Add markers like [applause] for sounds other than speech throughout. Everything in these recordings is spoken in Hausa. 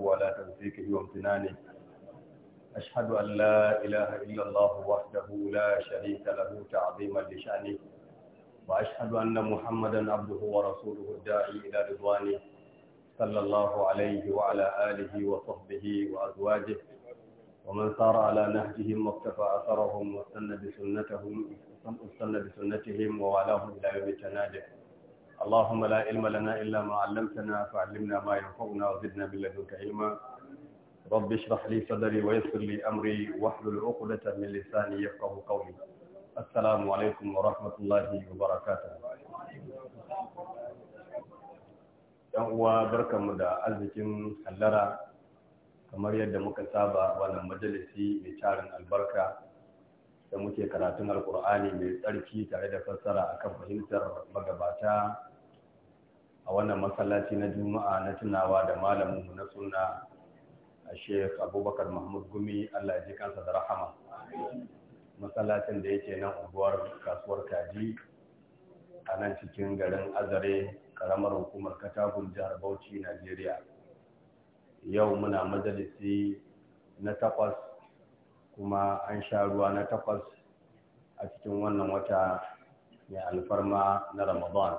ولا تنسيكه وامتنانه أشهد أن لا إله إلا الله وحده لا شريك له تعظيما لشأنه وأشهد أن محمدا عبده ورسوله الداعي إلى رضوانه صلى الله عليه وعلى آله وصحبه وأزواجه ومن سار على نهجهم واقتفى أثرهم واستنى بسنتهم واستنى بسنتهم ووالاهم إلى يوم التنادي اللهم لا علم لنا إلا ما علمتنا فعلمنا ما ينفعنا وزدنا من لدنك علما رب اشرح لي صدري ويسر لي أمري واحلل عقدة من لساني يفقه قولي السلام عليكم ورحمة الله وبركاته Ɗan uwa barkanmu da arzikin hallara kamar yadda muka saba wannan majalisi mai tarin albarka da muke karatun alkur'ani mai tsarki tare da fassara akan fahimtar magabata a wannan masallaci na juma'a na tunawa da malaminmu na sunna a sheikh abubakar mahmud gumi allah ji kansa da rahama masallacin da yake nan unguwar kasuwar kaji a nan cikin garin azare karamar hukumar katagun jihar bauchi najeriya yau muna majalisi na takwas kuma an sha ruwa na takwas a cikin wannan wata mai alfarma na ramadan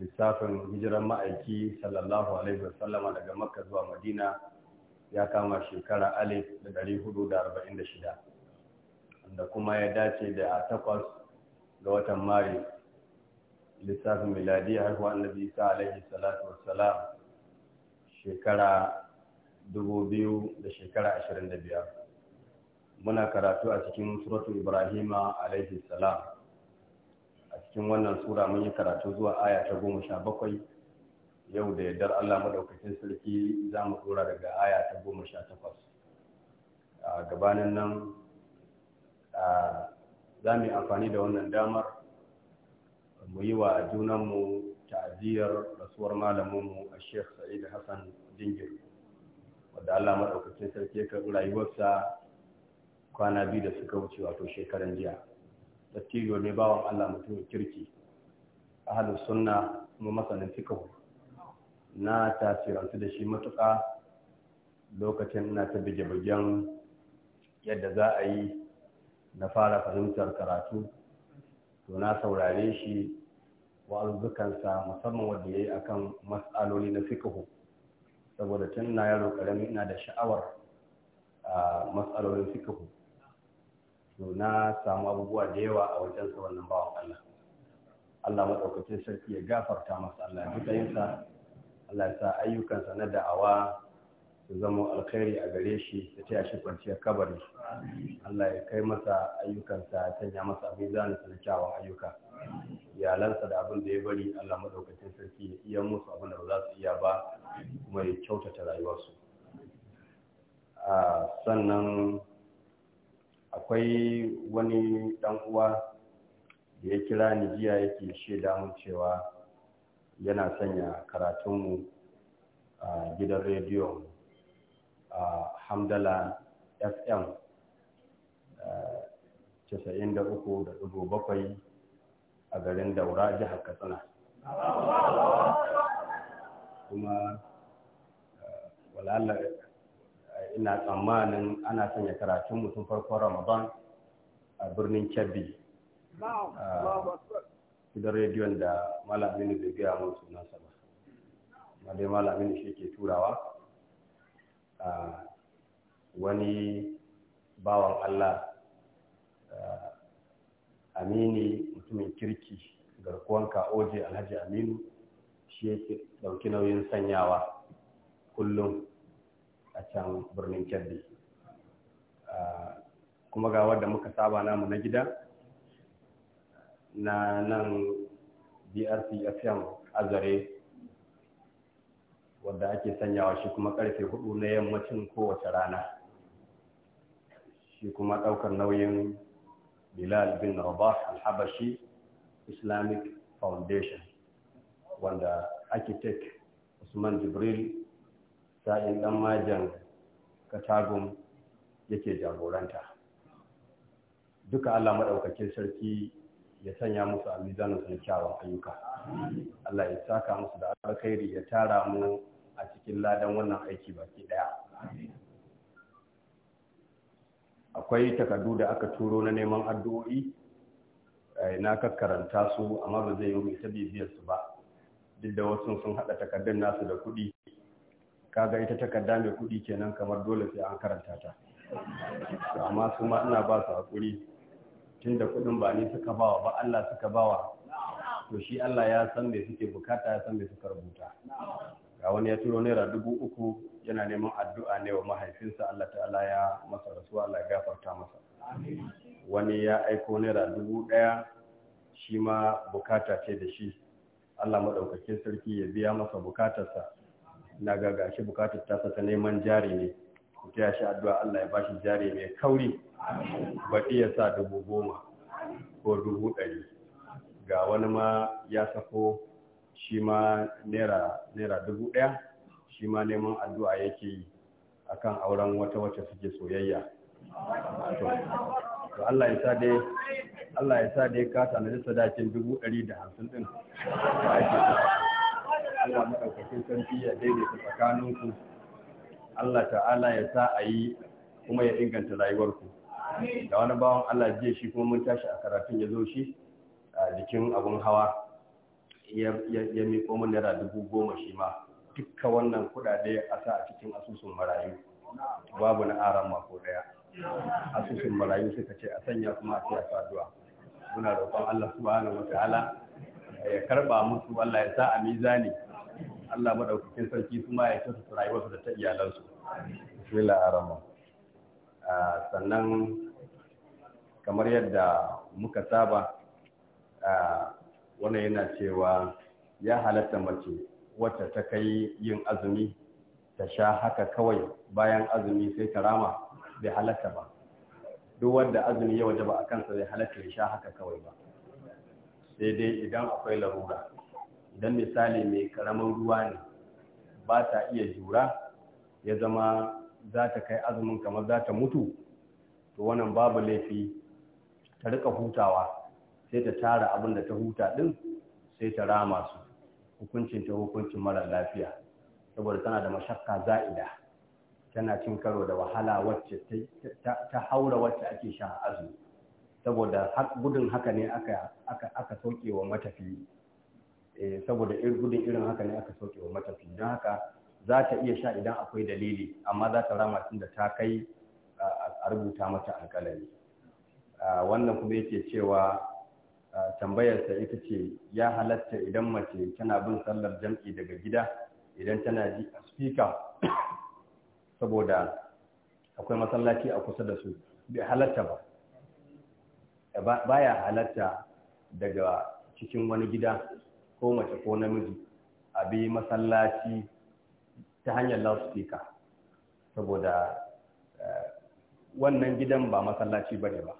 lissafin hijiran ma'aiki sallallahu alaihi sallama daga makka zuwa madina ya kama shekara alif da dari hudu da arba'in da shida da kuma ya dace da a takwas ga watan mari lissafin miladi haihuwa annabi isa alaihi salatu wassalam shekara dubu biyu da shekara ashirin da biyar muna karatu a cikin suratu ibrahima alaihi salam cikin wannan sura mun yi karatu zuwa aya ta goma sha bakwai yau da yardar Allah maɗaukacin sarki za mu ɗora daga aya ta goma sha takwas a gabanin nan za mu yi amfani da wannan damar mu yi wa junanmu ta'aziyar rasuwar malaminmu a sheikh sa'id hassan jingir wadda Allah maɗaukacin sarki ya karɓi rayuwarsa kwana biyu da suka wuce wato shekaran jiya dattijo ne bawan Allah mutumin kirki halin sunna kuma masanin fikahu na tasirantu da shi matuƙa lokacin na ta bige-bigen yadda za a yi na fara fahimtar karatu to na saurare shi wa'azukansa musamman wanda ya yi a kan matsaloli na fikahu saboda tun na yaro karami ina da sha'awar a ah, matsalolin fikahu to na samu abubuwa da yawa a wajen sa wannan bawan Allah Allah maɗaukacin sarki ya gafarta masa Allah ya duka yinsa Allah ya sa ayyukansa na da'awa su zama alkhairi a gare shi da taya shi kwanciyar kabari Allah ya kai masa ayyukansa ya masa abin na kyawun ayyuka iyalansa da abin da ya bari Allah maɗaukacin sarki ya iya musu abin da ba za su iya ba kuma ya kyautata rayuwarsu ah, sannan akwai wani dan uwa da ya kira ni jiya yake shaida mun cewa yana sanya karatunmu a gidan rediyo a hamdala fm 93.7 a garin daura jihar katsina kuma wala'allah ina tsammanin ana sanya karatun mutum farkon ramadan a birnin kebbi ah, gidan rediyon da malamini da gaya mun sunansa ba ma dai malamini shi ke turawa ah, wani bawan allah ah, amini mutumin kirki ka oje alhaji aminu shi ke ɗauki nauyin sanyawa kullum a can birnin kebbi kuma ga wadda muka saba namu na gida na nan brc fm azare wadda ake sanyawa shi kuma karfe hudu na yammacin kowace rana shi kuma daukar nauyin bilal bin rabah alhabashi islamic foundation wanda architect usman jibril sa'in ɗan majan katagun yake jagoranta duka Allah maɗaukakin sarki ya sanya musu a mizanin sun kyawun ayyuka Allah ya saka musu da alkhairi ya tara mu a cikin ladan wannan aiki baki ɗaya akwai takardu da aka turo na neman addu'o'i eh, na kakkaranta su amma ba zai yi ta bibiyar su ba duk da wasu sun haɗa takardun nasu da kuɗi kaga ita takarda mai kuɗi kenan kamar dole sai an karanta ta amma su ma ina ba su haƙuri tun da kuɗin ba ni suka bawa ba Allah suka bawa to shi Allah ya san me suke bukata ya san me suka rubuta ga wani ya turo naira dubu uku yana neman addu'a ne wa mahaifinsa Allah ta'ala ya masa rasuwa Allah ya gafarta masa wani ya aiko naira dubu ɗaya shi ma bukata ce da shi Allah maɗaukakin sarki ya biya masa bukatarsa na ga gashi bukatar tasa ta neman jari ne ku taya shi addu'a Allah ya bashi jari mai kauri baɗi ya sa dubu goma ko dubu ɗari ga wani ma ya sako shi ma naira dubu ɗaya shi ma neman addu'a yake yi akan auren wata wacce suke soyayya to Allah ya sa dai Allah ya sa dai ka da sadakin dubu ɗari da hamsin ɗin ake Allah maɗaukakin sarki ya daidaita tsakaninku Allah ta'ala ya sa a yi kuma ya inganta rayuwarku da wani bawan Allah jiya shi kuma mun tashi a karatun ya zo shi a jikin abun hawa ya miƙo min naira dubu goma shi ma dukka wannan kuɗaɗe a sa a cikin asusun marayu babu na aran mako ɗaya. asusun marayu suka ce a sanya kuma a siya saduwa muna roƙon Allah subhanahu wa ta'ala ya karba musu Allah ya sa a mizani Allah madaukakin sarki su ma ya kyautata rayuwarsu da ta iyalansu bismillah arama sannan kamar yadda muka saba wannan yana cewa ya halatta mace wacce ta kai yin azumi ta sha haka kawai bayan azumi sai ta rama bai halatta ba duk wanda azumi ya waje ba a kansa zai halatta ya sha haka kawai ba sai dai idan akwai larura idan misali mai karamin ruwa ne ba ta iya jura ya zama za ta kai azumin kamar za ta mutu to wannan babu laifi ta rika hutawa sai ta tara abin da ta huta din sai ta rama su hukuncin ta hukuncin mara lafiya saboda tana da mashakka za'ida tana cin karo da wahala wacce ta haura wacce ake sha azumi saboda gudun haka ne aka sauke wa matafiyi Eh, saboda gudun irin haka ne aka sauke wa matafi don haka za ta iya sha idan akwai dalili amma za ta rama tun da ta kai a rubuta mata alƙalami wannan kuma yake cewa tambayarsa ita ce ya halatta idan mace tana bin sallar jam'i daga gida idan tana ji a spika [coughs] saboda akwai masallaci a kusa da su bai halatta ba baya halatta daga cikin wani gida ko mace ko namiji a bi masallaci ta hanyar loudspeaker saboda eh, wannan gidan ba masallaci ba ne ba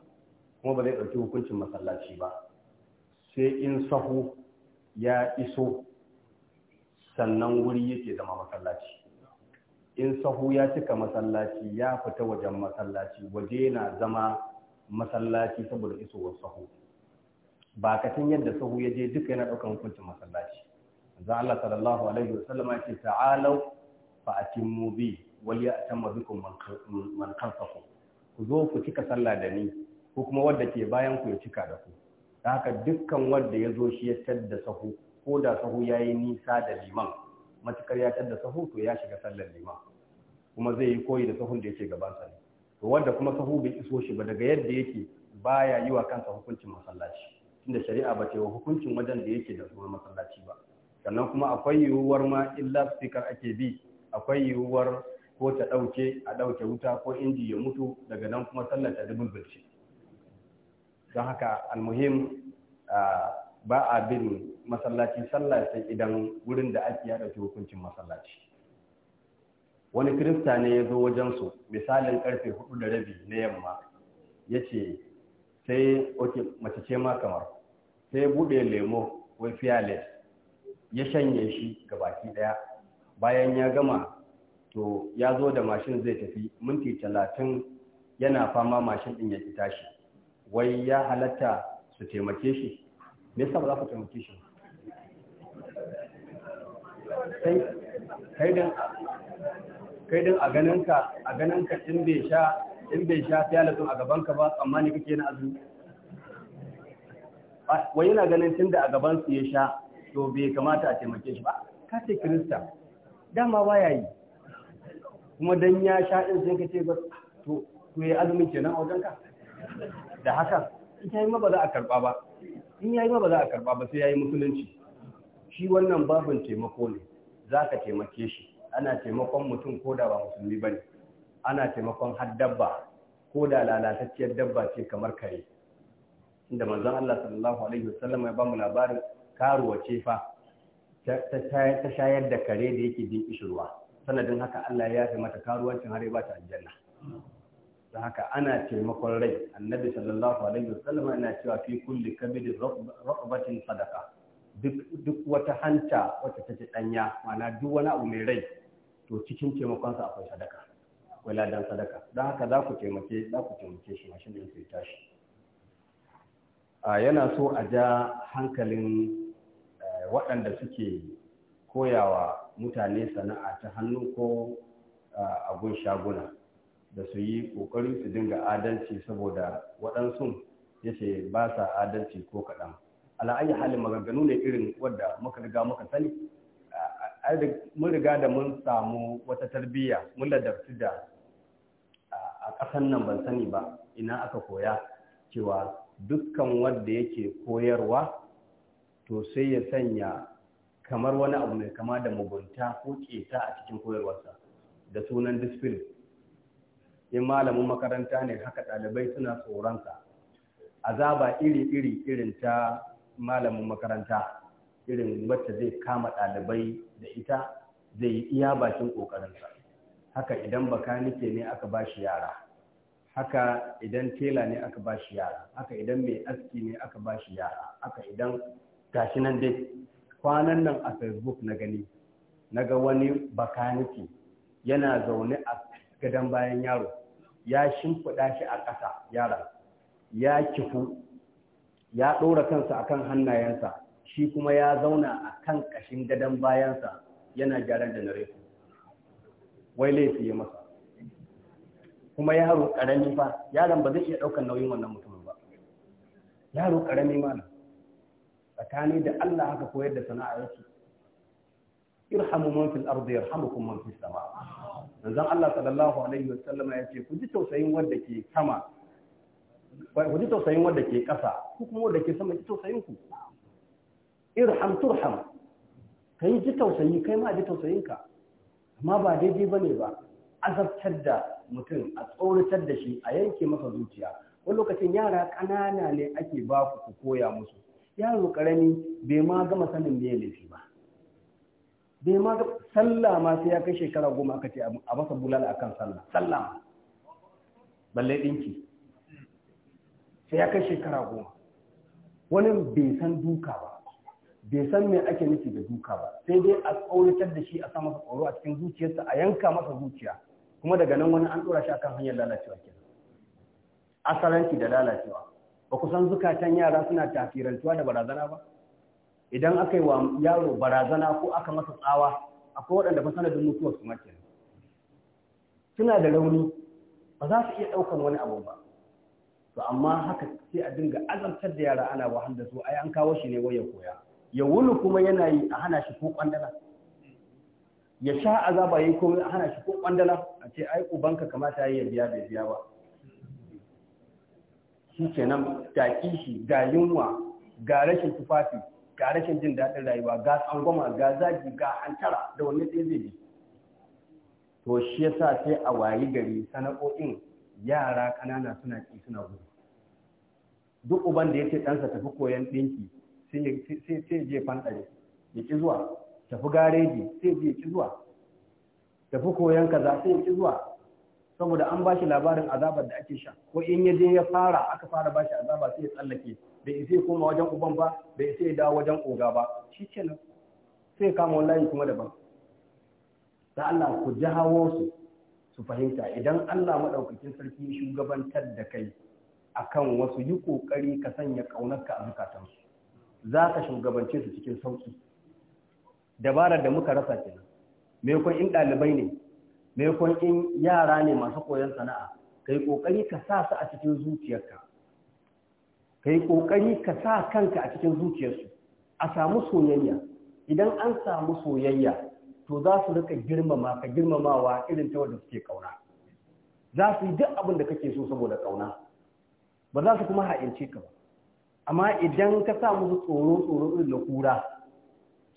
kuma ba zai ɗauki hukuncin masallaci ba sai in sahu ya iso sannan wuri yake zama masallaci in sahu ya cika masallaci ya fita wajen masallaci waje na zama masallaci saboda isowar sahu ba ka tun yadda sahu ya je duka yana ɗaukar hukuncin masallaci za Allah sallallahu alaihi wa sallama ya ce ta'alau fa atimmu bi wal ya'tamma bikum man khalfakum ku zo ku cika sallah da ni ko kuma wanda ke bayan ku ya cika da ku da haka dukkan wanda ya zo shi ya tadda sahu ko da sahu ya yi nisa da liman matukar ya tadda sahu to ya shiga sallar liman kuma zai yi koyi da sahun da yake gabansa ne to wanda kuma sahu bai iso shi ba daga yadda yake baya yi wa kansa hukuncin masallaci da shari'a ba ta yi hukuncin wajen da yake da tsohon masallaci ba sannan kuma akwai yiwuwar ma illa speaker ake bi akwai yiwuwar ko ta ɗauke a ɗauke wuta ko inji ya mutu daga nan kuma sallar ta dubulbulce don haka almuhim ba a bin masallaci sallah sai idan wurin da ake ya ɗauki hukuncin masallaci wani kirista ne ya zo wajensu misalin karfe hudu da rabi na yamma ya ce sai mace ce ma kamar sai ya buɗe lemo wai fiyales ya shanye shi ga baki ɗaya bayan ya gama to ya zo da mashin zai tafi minti talatin yana fama mashin ɗin ya fita shi wai ya halatta su taimake shi me yasa ba za ku taimake shi kai din a ganin a in bai sha in bai sha fiye a gabanka ba tsammani kake na azumi wai yana ganin tun da a gabansu ya sha to bai kamata a taimake shi ba ka ce kirista dama ya yi kuma don ya sha in sai ka ce ba to to ya azumin kenan a wajen ka da haka in ya yi ma ba za a karba ba in ya yi ma ba za a karba ba sai ya yi musulunci shi wannan babin taimako ne za ka taimake shi ana taimakon mutum ko da ba musulmi ba ne. ana taimakon har dabba ko da lalatacciyar dabba ce kamar kare inda manzon Allah sallallahu alaihi wasallam ya bamu labarin karuwa ce fa ta shayar da kare da yake bin kishirwa sanadin haka Allah ya yi mata karuwancin har ya ba ta aljanna don haka ana taimakon rai annabi sallallahu alaihi wasallam yana cewa fi kulli kabidin raqabatin sadaqa duk wata hanta wata take danya mana duk wani abu mai rai to cikin taimakonsa akwai sadaka wala dan sadaka don haka za ku taimake za ku taimake shi mashin ke tashi Ah, yana so a ja hankalin eh, waɗanda suke koyawa mutane sana'a ta hannu ko ah, abun shaguna da su yi ƙoƙari su dinga adalci saboda waɗansu ya ce ba sa adalci ko kaɗan ala'ayi halin maganganu ne irin wadda muka riga muka sani ah, mun riga da mun samu wata tarbiyya mun ladabci da a ƙasan nan ban sani ba ina aka koya cewa dukkan wanda yake koyarwa to sai ya sanya kamar wani abu mai kama da mugunta ko keta a cikin koyarwarsa da sunan discipline in malamin makaranta ne haka ɗalibai suna tsoronsa azaba iri-iri irin ta malamin makaranta irin wacce zai kama ɗalibai da ita zai yi iya bakin ƙoƙarinsa haka idan baka nike ne aka ba shi yara haka idan tela ne aka ba shi yara haka idan mai aski ne aka ba shi yara haka idan gashi nan dai kwanan nan a facebook na gani na ga wani bakaniki yana zaune a gadon bayan yaro ya shimfiɗa shi a ƙasa yaran ya kifu ya ɗora kansa a kan hannayensa shi kuma ya zauna a kan ƙashin gadon bayansa yana gyaran da wai laifi ya masa kuma yaro karami fa yaron ba zai iya ɗaukar nauyin wannan mutumin ba yaro karami ma tsakani da Allah haka koyar da sana'a yake irhamu man fil ardi yarhamukum man fis sama manzon Allah sallallahu alaihi wasallam ya ce ku ji tausayin wanda ke sama ku ji tausayin wanda ke ƙasa ku kuma wanda ke sama ji tausayin ku irham turham kai ji tausayi kai ma ji tausayin ka amma ba daidai bane ba azabtar da mutum a tsoratar da shi a yanke masa zuciya wani lokacin yara ƙanana ne ake ba ku ku koya musu yaro ƙarami bai ma gama sanin me ba bai ma sallah ma sai ya kai shekara goma aka ce a masa bulala akan sallah sallah balle ɗinki sai ya kai shekara goma wani bai san duka ba bai san me ake nufi da duka ba sai dai a tsoratar da shi a sa masa tsoro a cikin zuciyarsa a yanka masa zuciya kuma daga nan wani an dora shi akan hanyar lalacewa kenan da lalacewa ba ku zukatan yara suna tafirantuwa da barazana ba idan aka yi wa yaro barazana ko aka masa tsawa akwai waɗanda ba sanadin mutuwar su mace suna da rauni ba za su iya ɗaukan wani abu ba to amma haka sai a dinga azamtar da yara ana wahal da su ai an kawo shi ne wai ya koya ya wulu kuma yana yi a hana shi ko kwandala ya sha azaba yayi komai a hana shi ko ƙwandala? a ce ai ubanka kamata yayi biya bai biya ba shi kenan ga kishi ga yunwa ga rashin tufafi ga rashin jin daɗin rayuwa ga tsangwama ga zagi ga hantara da wani ɗaya zai bi to shi yasa sai a wayi gari sana'o'in yara ƙanana suna ƙi suna gudu duk uban da ya ce ɗansa tafi koyan ɗinki sai je fanɗare ya ƙi zuwa tafi gareji sai je ci zuwa tafi koyon kaza sai ci zuwa saboda an ba shi labarin azabar da ake sha ko in ya je ya fara aka fara ba shi azaba sai ya tsallake bai isa koma wajen uban ba bai isa ya dawo wajen oga ba shi kenan sai kama wallahi kuma daban da Allah ku jawo su su fahimta idan Allah madaukakin sarki shugabantar da kai akan wasu yi kokari ka sanya kaunarka a zukatansu za ka shugabance su cikin sauki dabarar da muka rasa kenan maimakon in ɗalibai ne maimakon in yara ne masu koyon sana'a ka yi ƙoƙari ka sa su a cikin zuciyarka ka yi ƙoƙari ka sa kanka a cikin zuciyarsu a samu soyayya idan an samu soyayya to za su rika girmama ka girmamawa irin ta wanda suke ƙauna za su yi duk abin da kake so saboda ƙauna ba za su kuma ha'ince ka ba amma idan ka sa musu tsoro tsoro irin na kura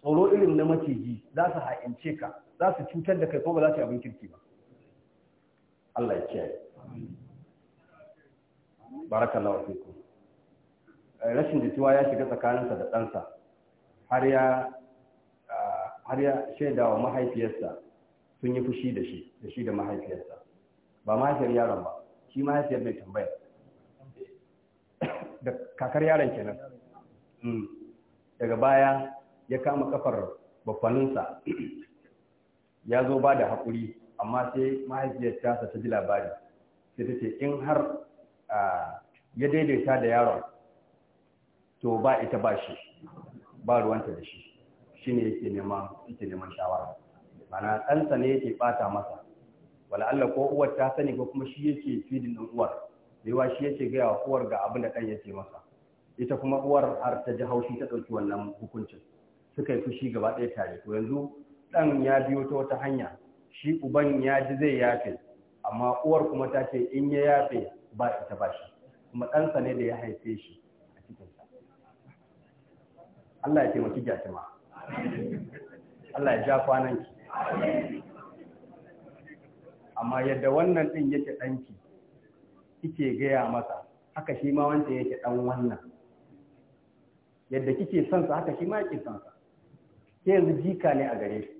tsoro irin na maciji za su ha'ince ka za su cutar da kai ko ba za su yi abin kirki ba Allah ya kiyaye barakallahu fikum eh, rashin jituwa ya shiga tsakaninsa da ɗansa har ya har ya shaida wa mahaifiyarsa sun yi fushi da shi da shi da mahaifiyarsa ba mahaifiyar yaron ba shi mahaifiyar mai tambaya da kakar yaron kenan hmm. daga baya ya kama kafar bafaninsa ya zo ba da haƙuri amma sai mahaifiyar tasa ta ji labari sai ta ce in har ya daidaita da yaron to ba ita ba shi ba ruwanta da shi shi ne yake neman shawara mana ɗansa ne yake ɓata masa wala Allah ko uwar ta sani ko kuma shi yake fidin ɗin uwar yawa shi yake gaya wa uwar ga abin da ɗan yake masa ita kuma uwar har ta ji haushi ta ɗauki wannan hukuncin suka yi fushi gaba ɗaya tare to yanzu ɗan ya biyo ta wata hanya shi uban ya ji zai yafe amma uwar kuma ta ce in ya yafe ba ita ba shi kuma ɗansa ne da ya haife shi a cikinsa Allah ya taimaki jatima Allah ya ja kwananki amma yadda wannan ɗin yake ɗanki kike gaya masa haka shi ma wancan yake ɗan wannan yadda kike son sa haka shi ma yake son sa sai yanzu jika ne a gare shi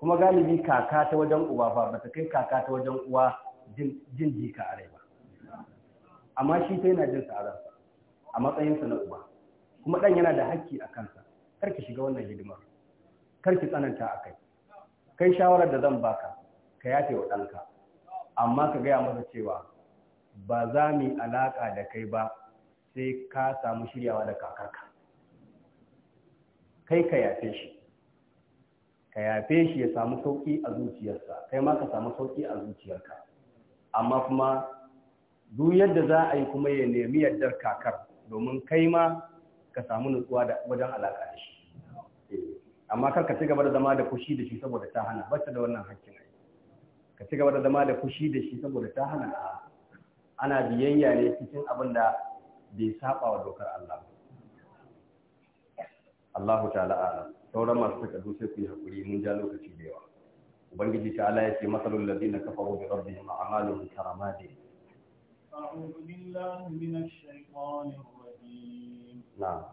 kuma galibi kaka ta wajen uba ba ba ta kai kaka ta wajen uwa jin jika a rai ba amma shi ta yana jin sa a matsayinsa na uba kuma ɗan yana da hakki a kansa kar shiga wannan hidimar karki tsananta a kai kai shawarar da zan baka ka yafe wa ɗanka amma ka gaya masa cewa ba za mu yi alaƙa da kai ba sai ka samu shiryawa da kakarka kai ka yafe shi ka yafe shi ya samu sauƙi a zuciyarsa kai ma ka samu sauƙi a zuciyarka amma kuma duk yadda za a yi kuma ya nemi yardar kakar domin kai ma ka samu nutsuwa da wajen alaƙa da shi eh, amma kar ka ci gaba da zama da fushi da shi saboda ta hana bata da wannan hakkin ai ka ci da zama da fushi da shi saboda ta hana ana biyayya ne cikin abin da bai saba wa dokar Allah Allahu ta'ala a'lam sauran masu takardu sai ku yi hakuri mun ja lokaci da yawa ubangiji ta ala yace masalul ladina kafaru bi rabbihim a'maluhum karamadi a'udhu billahi minash shaitanir rajim na'am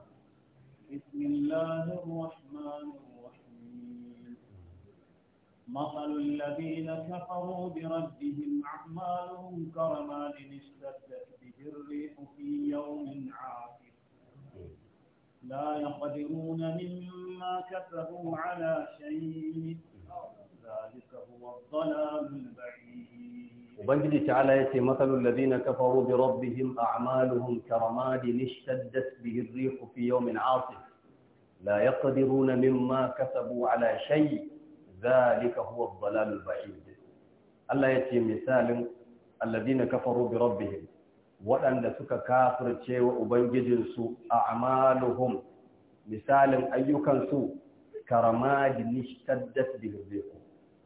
bismillahir rahmanir rahim masalul ladina kafaru bi rabbihim a'maluhum karamadi istaddat bihi ar-rihu fi yawmin 'asif لا يقدرون مما كسبوا على شيء ذلك هو الضلال البعيد وبنجي تعالى يتي مثل الذين كفروا بربهم أعمالهم كرماد اشتدت به الريح في يوم عاصف لا يقدرون مما كسبوا على شيء ذلك هو الضلال البعيد الله يتي مثال الذين كفروا بربهم waɗanda suka kafirce wa ubangijinsu a amaluhum misalin ayyukansu karamadi da bilbeku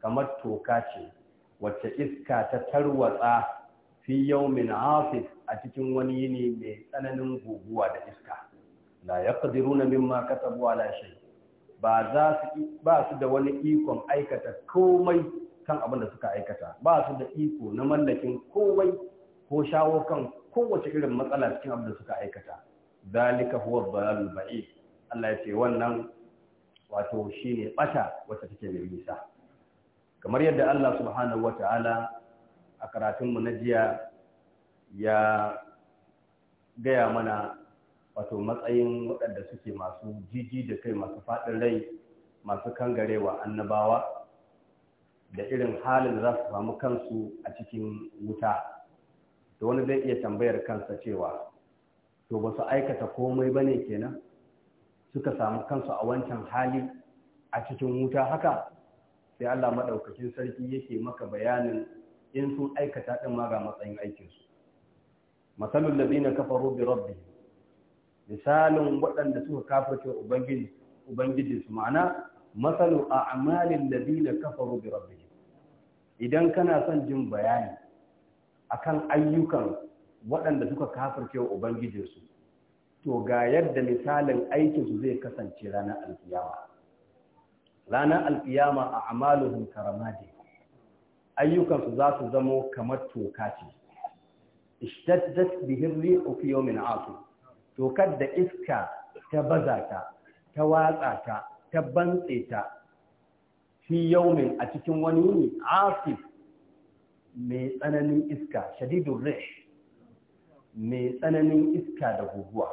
kamar toka ce wacce iska ta tarwatsa fi min afis a cikin wani yini mai tsananin guguwa da iska la na mimma kasabu ala shay ba za su ba su da wani ikon aikata komai kan abin da suka aikata ba su da iko na mallakin komai ko shawo kan kowace irin matsala cikin abin da suka aikata dalika huwa dalalul ba'id Allah ya ce wannan wato shine bata wacce take da nisa kamar yadda Allah subhanahu wataala a karatun mu na jiya ya gaya mana wato matsayin waɗanda suke masu jiji da kai masu faɗin rai masu kangarewa annabawa da irin halin da za su samu kansu a cikin wuta Da wani zai iya tambayar kansa cewa to ba su aikata komai ba ne kenan suka samu kansu a wancan hali a cikin wuta haka sai Allah maɗaukakin sarki yake maka bayanin in sun aikata ɗin ma ga matsayin aikinsu masalul ladina kafaru bi rabbi misalin waɗanda suka kafirce ubangiji ubangiji su ma'ana masalu a'malil ladina kafaru bi rabbi idan kana son jin bayani akan ayyukan waɗanda suka kafircewa ubangijinsu to ga yadda misalin aikinsu zai kasance ranar alƙiyama. ranar alkiyama a amaluhun karamadi ayyukansu za su zamo kamar toka ce ishtaddat bihin ri'u asu tokar da iska ta baza ta ta watsa ta ta bantse ta fi yawmin a cikin wani yini asif mai tsananin iska shadidun rish mai tsananin iska da guguwa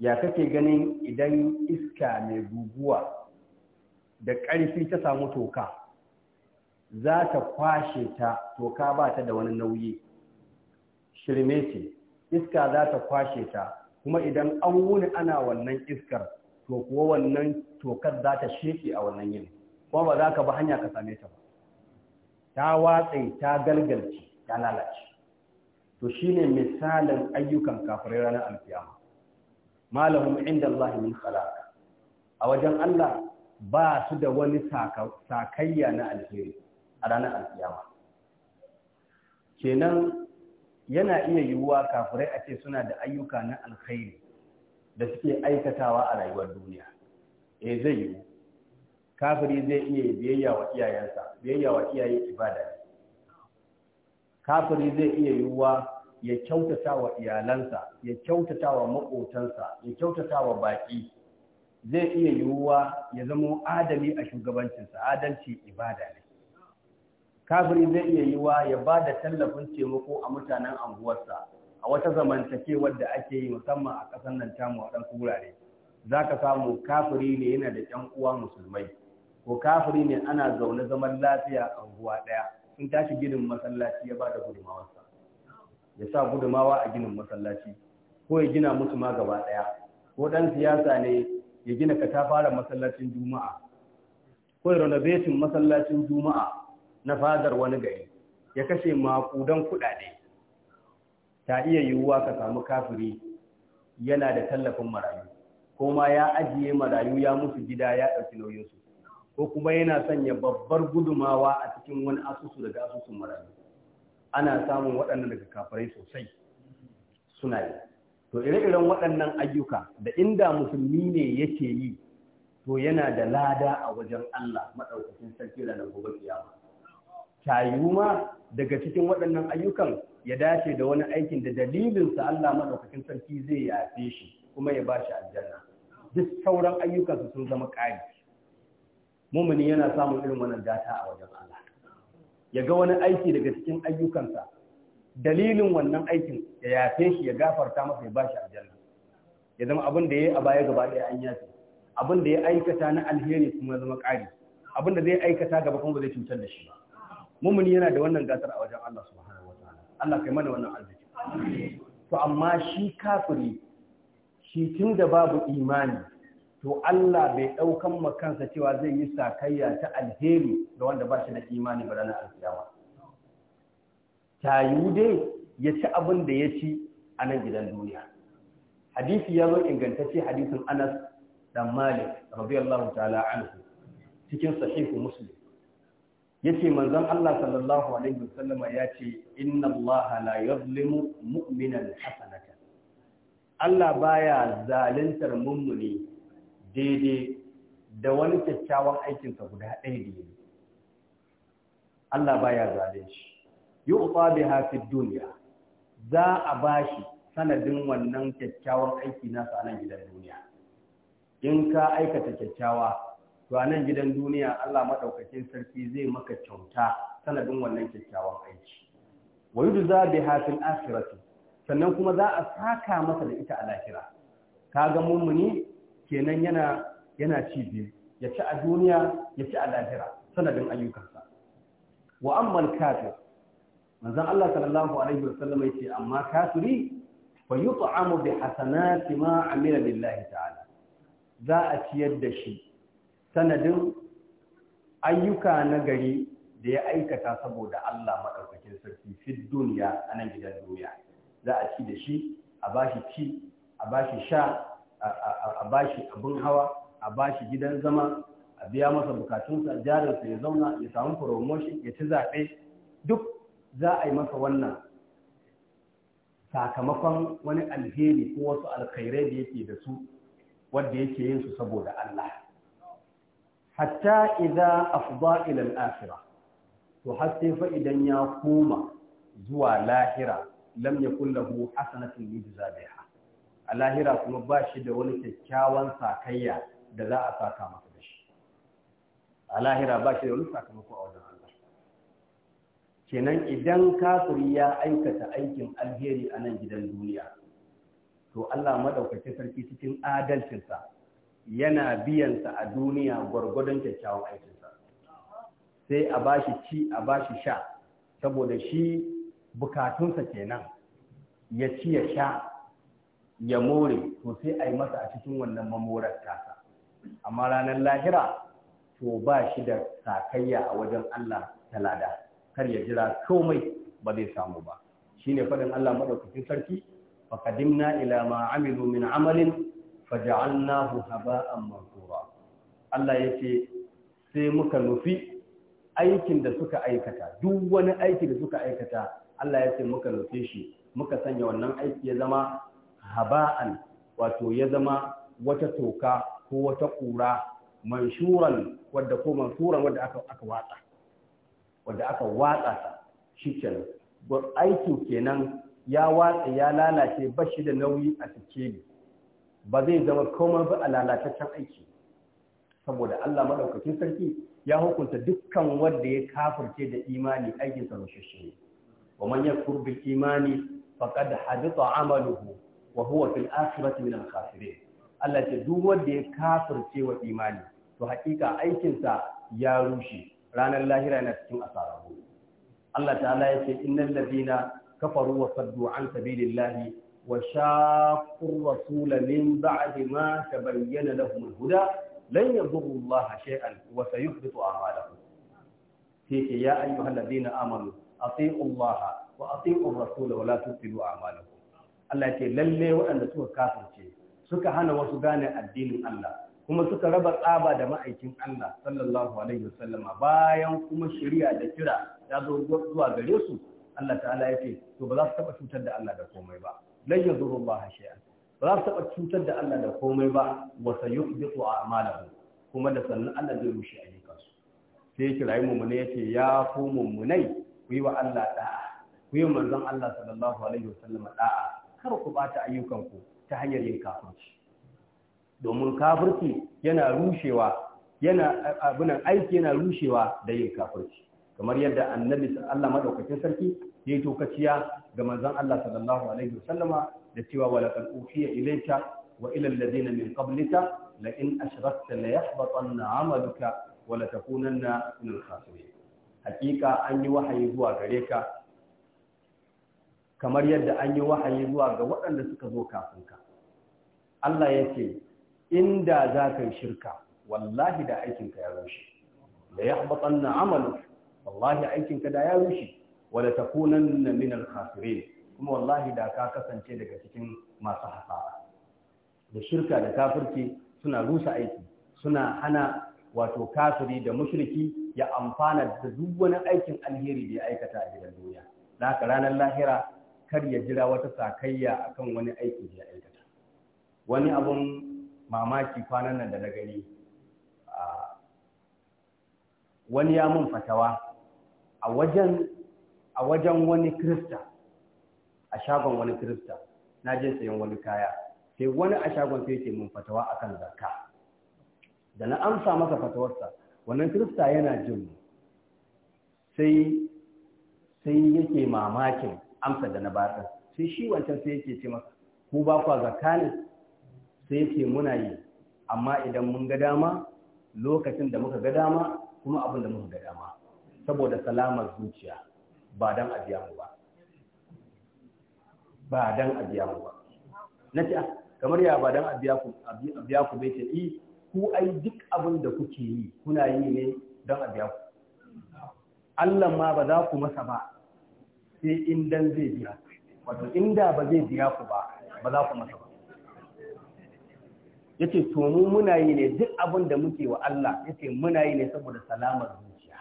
ya kake ganin idan iska mai guguwa da ƙarfi ta samu toka za ta kwashe ta toka ba ta da wani nauyi shirme ce iska za ta kwashe ta kuma idan an wuni ana wannan iskar to kuwa wannan tokar za ta sheƙe a wannan yin kuma ba za ka ba hanya ka same ta ba ta watse ta galgalci ta lalace to shine misalin ayyukan kafirai ranar alkiyama mu, inda Allah min khalaq a wajen Allah ba su da wani sakayya na alheri a ranar alkiyama kenan yana iya yiwuwa kafirai a ce suna da ayyuka na alkhairi da suke aikatawa a rayuwar duniya eh zai yiwu kafiri zai iya biyayya wa iyayensa biyayya wa iyaye ibada kafiri zai iya yiwuwa ya kyautata wa iyalansa ya kyautata wa maƙotansa ya kyautata wa baƙi zai iya yiwuwa ya zamo adali a shugabancinsa adalci ibada ne kafiri zai iya yiwuwa ya ba da tallafin taimako a mutanen anguwarsa a wata zamantakewar da ake yi musamman a ƙasar nan tamu a ɗan wurare za ka samu kafiri ne yana da 'yan uwa musulmai ko kafiri ne ana zaune zaman lafiya a unguwa ɗaya. sun tashi ginin masallaci ya bada gudumawarsa ya sa gudumawa a ginin masallaci ko ya gina musu ma gaba ɗaya. ko dan siyasa ne ya gina fara masallacin juma'a ko renovation masallacin juma'a na fadar wani gari ya kashe makudan kuɗaɗe. ta iya yiwuwa ka samu kafiri yana da tallafin marayu ko ma ya ajiye marayu ya musu gida ya ɗauki nauyinsu ko kuma yana sanya babbar gudumawa a cikin wani asusu daga asusun marayu ana samun waɗannan daga kafirai sosai suna yi to ire-iren waɗannan ayyuka da inda musulmi ne yake yi to yana da lada a wajen Allah maɗaukakin sarki da nan gobe kiyama tayu ma daga cikin waɗannan ayyukan ya dace da wani aikin da dalilinsa Allah maɗaukacin sarki zai yafe shi kuma ya ba shi aljanna duk sauran ayyukansu sun zama ƙari mumini yana samun irin wannan data a wajen Allah ya ga wani aiki daga cikin ayyukansa dalilin wannan aikin ya yafe shi ya gafarta masa ya bashi aljanna ya zama abin da yayi a baya gaba ɗaya an yafe abin da ya aikata na alheri kuma zama ƙari abin da zai aikata gaba kuma ba zai cutar da shi ba yana da wannan gasar a wajen Allah subhanahu ta'ala Allah kai mana wannan arziki to amma shi kafiri shi tun da babu imani to Allah bai ɗaukan kansa cewa zai yi sakayya ta alheri ga wanda ba shi da imani ba ranar alkiyama yi dai ya ci abin da ya ci a nan gidan duniya hadisi ya zo ingantacce hadisin Anas dan Malik radiyallahu ta'ala anhu cikin sahihu Muslim yace manzon Allah sallallahu alaihi wasallama yace inna Allah la yuzlimu mu'minan hasanatan Allah baya zaluntar mummuni daidai da wani kyakkyawan aikinsa guda ɗaya da Allah baya zale shi yi ufa bai hafi duniya za a bashi sanadin wannan kyakkyawan aiki nasa a nan gidan duniya in ka aikata kyakkyawa to a nan gidan duniya Allah maɗaukakin sarki zai maka kyauta sanadin wannan kyakkyawan aiki wa za bi hafin akhirati sannan kuma za a saka masa da ita a lahira kaga mumuni kenan yana yana ci biyu ya ci a duniya ya ci a lahira sanadin ayyukansa wa ammal kafir manzon Allah sallallahu alaihi wasallam yace amma kafiri fa yut'amu bi hasanati ma amila lillahi ta'ala za a ciyar da shi sanadin ayyuka na gari da ya aikata saboda Allah madaukakin sarki fi duniya a nan gidan duniya za a ci da shi a bashi ci a bashi sha a bashi abin hawa a bashi gidan zama a biya masa bukatunsa jarinsa ya zauna ya samu promotion ya ci zaɓe duk za a yi masa wannan sakamakon wani alheri ko wasu alkhairai da yake da su wadda yake yin su saboda Allah hatta idza afda ila al akhira to har sai fa idan ya koma zuwa lahira lam yakul lahu hasanatun yujza a lahira kuma ba shi da wani kyakkyawan sakayya da za a saka masa da shi a lahira ba shi da wani sakamako a wajen Allah kenan idan kafiri ya aikata aikin alheri a nan gidan duniya to Allah madaukakin sarki cikin adalcinsa yana biyan sa a duniya gwargwadon kyakkyawan aikinsa sai a bashi ci a bashi sha saboda shi bukatunsa kenan ya ci ya sha ya more to sai a yi masa a cikin wannan mamorar tasa amma ranar lahira to ba shi da sakayya a wajen Allah talada kar ya jira komai ba zai samu ba shine faɗin Allah maɗaukacin sarki faqadimna ila ma amilu min amalin faja'alnahu haba'an mansura Allah ce sai muka nufi aikin da suka aikata duk wani aiki da suka aikata Allah ya ce muka nufi shi muka sanya wannan aiki ya zama haba'an wato ya zama wata toka ko wata ƙura manshuran wadda ko mansuran wadda aka watsa wadda aka watsa ta ba aikin kenan ya watsa ya lalace ba shi da nauyi a cike ba zai zama komai ba a lalataccen aiki saboda Allah maɗaukacin sarki ya hukunta dukkan wanda ya kafirce da imani aikin sa rushe wa man yakfur bil imani faqad hadita amaluhu wa huwa fil akhirati min al-khasirin Allah ce duk wanda ya kafirce wa imani to hakika aikinsa ya rushe ranar lahira na cikin asararu Allah ta'ala ya ce innal ladina kafaru wa saddu an sabilillahi wa shaqqu rasul min ba'di ma tabayyana lahum al-huda lan yadurru Allah shay'an wa sayuhbitu a'malahum sai ya ayyuhal ladina amanu ati'u Allah wa ati'u ar-rasul wa la tufsidu Allah ke lalle waɗanda suka kafirce suka hana wasu gane addinin Allah kuma suka raba tsaba da ma'aikin Allah sallallahu alaihi wasallama bayan kuma shari'a da kira ya zo zuwa gare su Allah ta'ala ya ce to ba za su taba cutar da Allah da komai ba lan yazurullaha shay'an ba za su taba cutar da Allah da komai ba wa sayuhbitu a'malahum kuma da sannan Allah zai rushe ayyukansu sai ya kira mummune yace ya ku mummunai ku yi wa Allah da'a ku yi manzon Allah sallallahu alaihi wasallama da'a kar ku bata ayyukanku ta hanyar yin kafirci domin kafirci yana rushewa yana abunan aiki yana rushewa da yin kafirci kamar yadda annabi Allah madaukakin sarki ya yi tokaciya ga manzon Allah sallallahu alaihi wasallama da cewa walaqad uhiya ilayka wa ila alladhina min qablika la in ashrakta la yahbatanna 'amaluka wa la takunanna min al-khasirin hakika an yi wahayi zuwa gare ka kamar yadda an yi wahayi zuwa ga waɗanda suka zo kafin ka Allah ya ce inda za ka yi shirka wallahi da aikinka ya rushe da ya haɓaɓan na amalu wallahi aikinka da ya rushe wadda ta kunan na minar kafire, kuma wallahi da ka kasance daga cikin masu hasara da shirka da kafirci suna rusa aiki suna hana wato kafiri da mushriki ya amfana da duk wani aikin alheri da ya aikata a gidan duniya da ka ranar lahira kar ya jira wata sakayya akan wani aiki da aikata wani abun mamaki kwanan nan da na gani wani ya mun fatawa a wajen a wani krista a shagon wani krista na je sayan wani kaya sai wani a shagon sai yake mun fatawa akan zakka da na amsa masa fatawarsa wannan krista yana jin sai sai yake mamakin amsa da na baka sai shi wancan sai yake ce masa ku ba kwa zakka ne sai yake muna yi amma idan mun ga dama lokacin da muka ga dama kuma abin da muka ga dama saboda salamar zuciya ba dan a mu ba ba dan mu ba na ce ah, kamar ya ba don a biya ku bai ce i eh, ku ai duk abin da kuke yi kuna yi ne dan a ku Allah ma ba za ku masa ba sai in dan zai biya wato inda ba zai biya ku ba ba za ku masa ba yace to mu muna yi ne duk abin da muke wa Allah yace muna yi ne saboda salamar zuciya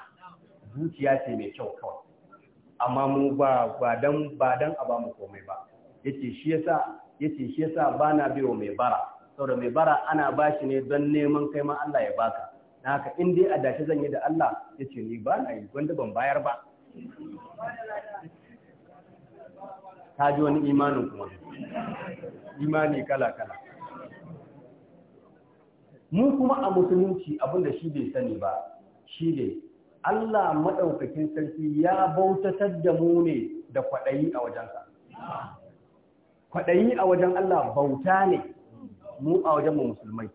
zuciya ce mai kyau kawai amma mu ba ba dan ba dan a ba mu komai ba yace shi yasa yace shi yasa bana biyo mai bara saboda mai bara ana bashi ne don neman kai ma Allah ya baka na haka in dai a dashi zan yi da Allah yace ni ba na yi wanda ban bayar ba ta ji wani imanin kuma imani kala-kala mu kuma a musulunci abinda shi bai sani ba shi ne Allah maɗaukakin sarki ya bautatar da mu ne da kwaɗayi a wajensa kwaɗayi a wajen Allah bauta ne mu a wajen mu musulmai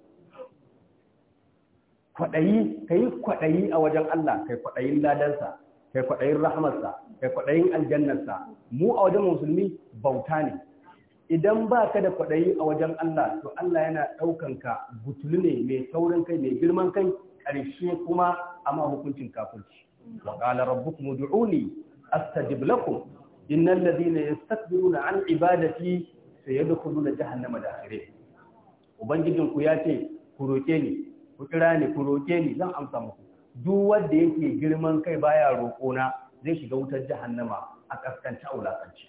kwaɗayi ka yi kwaɗayi a wajen Allah kai kwaɗayin ladansa kai kwaɗayin rahmarsa kai kwaɗayin aljannarsa mu a wajen musulmi bauta ne idan ba ka da kwaɗayi a wajen Allah to Allah yana ɗaukan ka butulu ne mai saurin kai mai girman kai ƙarshe kuma amma hukuncin kafirci wa qala rabbukum ud'uni astajib lakum innal ladhina yastakbiruna an ibadati sayadkhuluna jahannama dakhirin ubangijinku ya ce ku roke ni ku kira ni ku roke ni zan amsa muku duk wanda yake girman kai baya roƙo na, zai shiga wutar jahannama a kaskanta wulakanci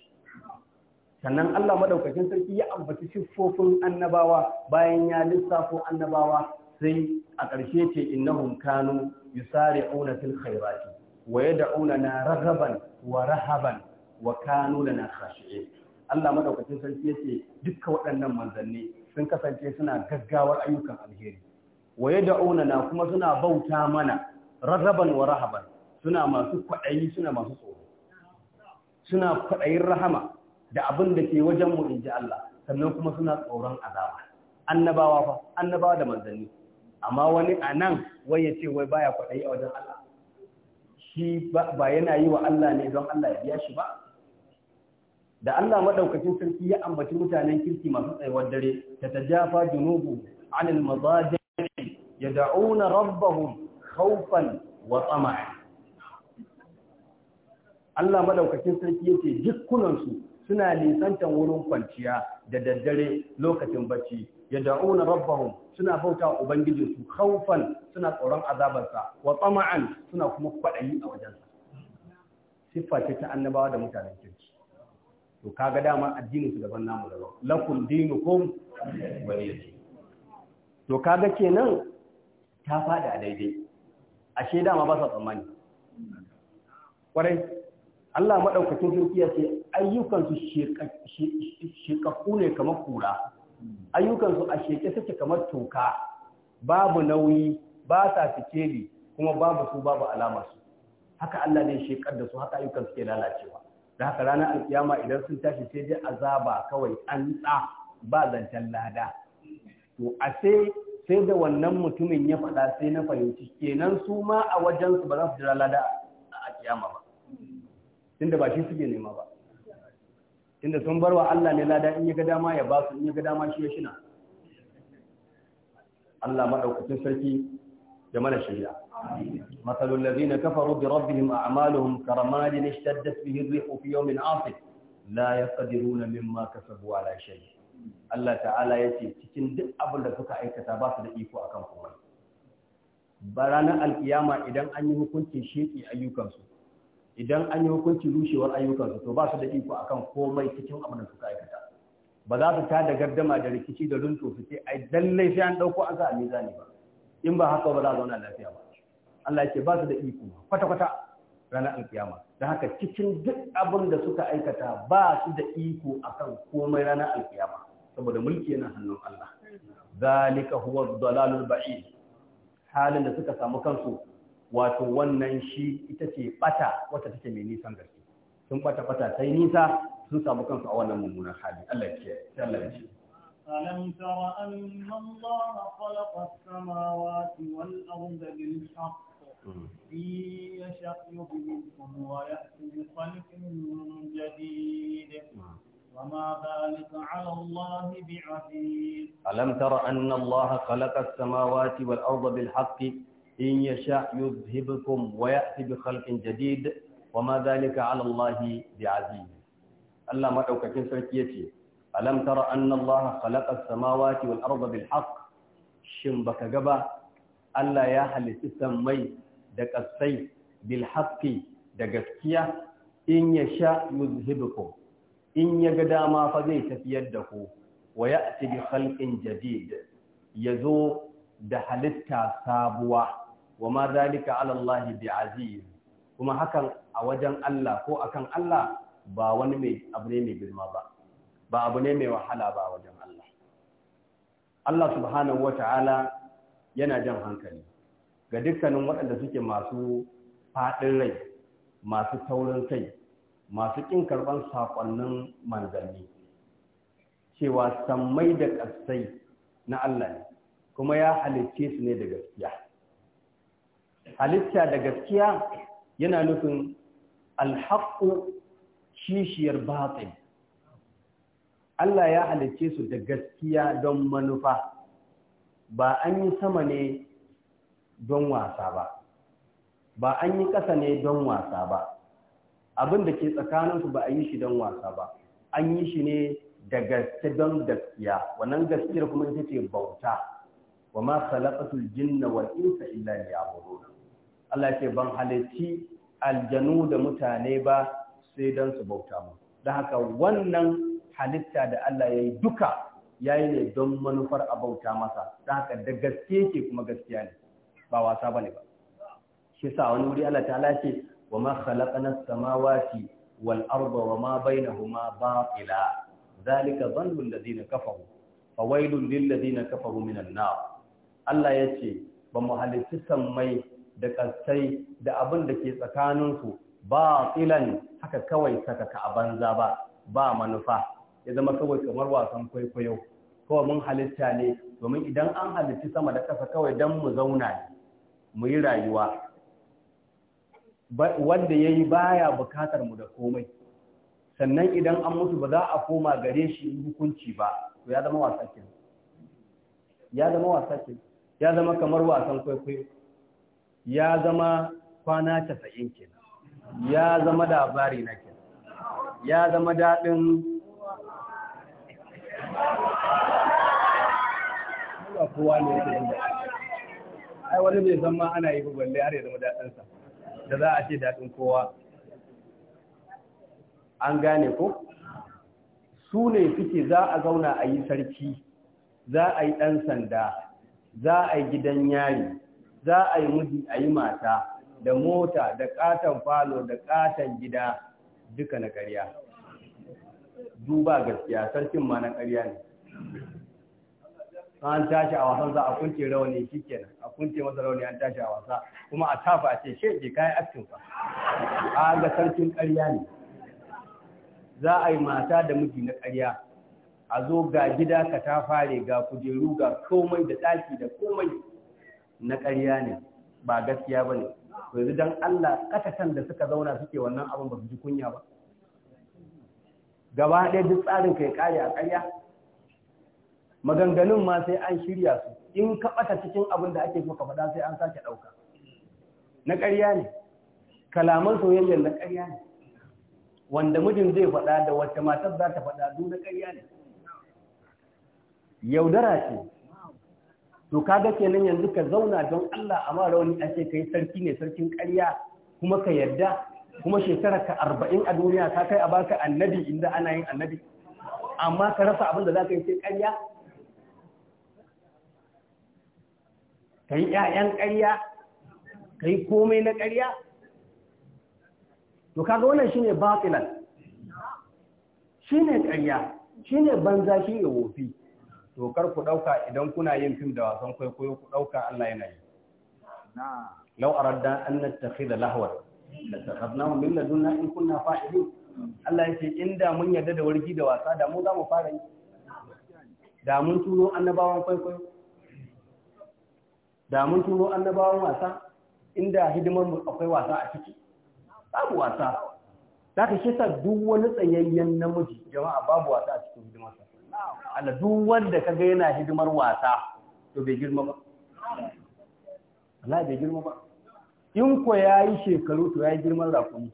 sannan Allah madaukakin sarki ya ambaci siffofin annabawa bayan ya lissafo annabawa sai a ƙarshe ce innahum kanu yusari'una fil khairati wa yad'una na raghaban wa rahaban wa kanu lana khashi'in Allah madaukakin sarki yace dukkan waɗannan manzanni sun kasance suna gaggawar ayyukan alheri wa yad'una na kuma suna bauta mana ragaban wa rahaban suna masu kwaɗayi suna masu tsoro suna kwaɗayin rahama da abin da ke wajen mu inji Allah sannan kuma suna tsoron azaba annabawa fa annabawa da manzanni amma wani a nan wai ya ce wai baya kwaɗayi a wajen Allah shi ba yana yi wa Allah ne don Allah ya biya shi ba da Allah madaukakin sarki ya ambaci mutanen kirki masu tsayuwar dare ta tajafa junubu anil mazaji yad'una rabbahum khaufan wa Allah madaukakin sarki yace dukkunansu suna nisantan wurin kwanciya da daddare lokacin bacci da'una rabbahum suna bauta ubangijin su khaufan suna tsoron azabarsa wa tsama'an suna kuma kwadayi a wajensa siffa ce ta annabawa da mutanen kirki to kaga dama addinin su daban namu daban lakum dinukum waliyati to kaga kenan ta fada daidai ashe dama ba sa tsammani kwarai Allah maɗaukacin sarki ce ayyukansu shekaku ne kamar kura ayyukansu a sheke suke kamar toka babu nauyi ba sa fikeli kuma babu su babu alama su haka Allah ne shekar da su haka ayyukan suke lalacewa da haka ranar alkiyama idan sun tashi sai dai azaba kawai an tsa ba zancen lada to a sai sai da wannan mutumin ya faɗa sai na fahimci kenan su ma a wajensu ba za su jira lada a kiyama ba tunda ba shi suke nema ba tunda sun bar wa Allah ne lada in ya ga dama ya ba su in ya ga dama shi ya shina Allah madaukakin sarki da mana shirya masalul ladina kafaru bi rabbihim a'maluhum karamadin ishtaddat bihi ar-rihu fi yawmin 'asif la yaqdiruna mimma kasabu ala shay'in Allah ta'ala ya ce cikin duk abin da suka aikata ba su da iko a kan kuma ba ranar alkiyama idan an yi hukuncin sheƙi ayyukansu idan an yi hukuncin rushewar ayyukansu to ba su da iko a kan komai cikin abin da suka aikata ba za su ta da gardama da rikici da runto su ce ai lallai sai an ɗauko an sa a ba in ba haka ba za zauna lafiya ba Allah ya ce ba su da iko kwata-kwata ranar alkiyama da haka cikin duk abin da suka aikata ba su da iko a kan komai ranar alkiyama saboda mulki yana hannun Allah zalika huwa dalalul ba'id halin da suka samu kansu wato wannan shi ita ce bata wata take mai nisan gaske sun bata bata sai nisa sun samu kansu a wannan mummunan hali Allah ya kiyaye sai Allah ya ce ألم تر أن الله خلق السماوات والأرض بالحق إن يشأ يضللكم ويأتي بخلق جديد وما ذلك على الله بعزيز ألم تر أن الله خلق السماوات والأرض بالحق إن يشاء يذهبكم ويأتي بخلق جديد وما ذلك على الله بعزيز الله ما أوكاكين سركيتي ألم تر أن الله خلق السماوات والأرض بالحق shin baka gaba Allah ya halitti sammai da ƙasai bilhaƙi da gaskiya in ya sha yuzhibukum in ya ga dama fa zai tafiyar da ku wa ya'ti bi khalqin jadid yazo da halitta sabuwa wa ma zalika ala Allah bi aziz kuma hakan a wajen Allah ko akan Allah ba wani mai abu ne mai girma ba ba abu ne mai wahala ba wajen Allah Allah subhanahu wata'ala yana jan hankali ga dukkanin waɗanda suke masu faɗin rai masu taurin kai masu ƙin karɓar saƙonnin manzanni cewa sammai da ƙasai na Allah ne kuma ya halicce su ne da gaskiya halitta da gaskiya yana nufin alhaƙu kishiyar batin Allah ya halicce su da gaskiya don manufa ba an yi sama ne don wasa ba ba an yi ƙasa ne don wasa ba abin da ke tsakaninsu ba a yi shi don wasa ba an yi shi ne da gaske don gaskiya wannan gaskiyar kuma ita ce bauta wa ma khalaqatul jinna wal insa illa liya'budun Allah ya ce ban halitti aljanu da mutane ba sai don su bauta mu don haka wannan halitta da Allah ya yi duka ya yi ne don manufar a bauta masa don haka da gaske ke kuma gaskiya ne ba wasa ba ne ba shi sa wani wuri Allah ta ce وما خلقنا السماوات والأرض وما بينهما باطلا ذلك ظن الذين كفروا فويل للذين كفروا من النار الله يتي بمحلتي سمي da kasai da abin da ke tsakaninsu ba tsilan haka kawai saka ka a banza ba ba manufa ya zama kawai kamar wasan kwaikwayo kawai mun halitta ne domin idan an halitti sama da ƙasa kawai don mu zauna ne mu yi rayuwa wanda ya yi baya bukatar mu da komai sannan idan an mutu ba za a koma gare shi hukunci ba to ya zama wasa ke ya zama wasa ke ya zama kamar wasan kwaikwayo ya zama kwana casa'in ke ya zama labari na ke ya zama daɗin kowa ne ai wani zama ana yi balle har ya zama daɗinsa da za a ce daɗin kowa an gane ko su ne suke za a zauna a yi sarki za a yi ɗan sanda za a yi gidan yari za a yi miji a yi mata da mota da ƙaton falo da ƙaton gida duka na ƙarya duba gaskiya sarkin ma na ƙarya ne an tashi a wasan za a kunce rauni shikenan a kunce masa rauni an tashi a wasa kuma a tafa a ce she ke kayi askin fa a ga sarkin ƙarya ne za a yi mata da miji na karya a zo ga gida ka ta fare ga kujeru ga komai da ɗaki da komai na karya ne ba gaskiya ba ne yanzu don Allah ƙasashen da suka zauna suke wannan abin ba su ji kunya ba gaba ɗaya duk tsarin kai kare a ƙarya maganganun ma sai an shirya su in ka ɓata cikin abin da ake so ka faɗa sai an sake ɗauka na ƙarya ne kalaman soyayyar na ƙarya ne wanda mijin zai faɗa da wata matar za ta faɗa duk na ƙarya ne yaudara ce to kaga kenan yanzu ka zauna don Allah a mara wani ake kai sarki ne sarkin ƙarya kuma ka yarda kuma shekara ka arba'in a duniya ka kai a baka annabi inda ana yin annabi amma ka rasa abin da za ka yi sai ƙarya ka yi ‘ya'yan ƙarya ka yi komai na ƙarya to kaga wannan shi ne batilan shi ne ƙarya shi ne banza shi ne wofi to kar ku ɗauka idan kuna yin fim da wasan kwaikwayo ku ɗauka Allah yana yi lau aradda an nattakhidha lahwan lattakhadnahu min ladunna in kunna fa'ilin Allah ya ce inda mun yarda da wargi da wasa da mu za mu fara yi da mun turo annabawan kwaikwayo da mun turo annabawan wasa inda hidimar mu akwai wasa a ciki babu wasa za ka kisa duk wani tsayayyen namiji jama'a babu wasa a cikin sa Allah duk wanda ka ga yana hidimar wasa to bai girma ba Allah bai girma ba in ko ya yi shekaru to ya yi girman rakumi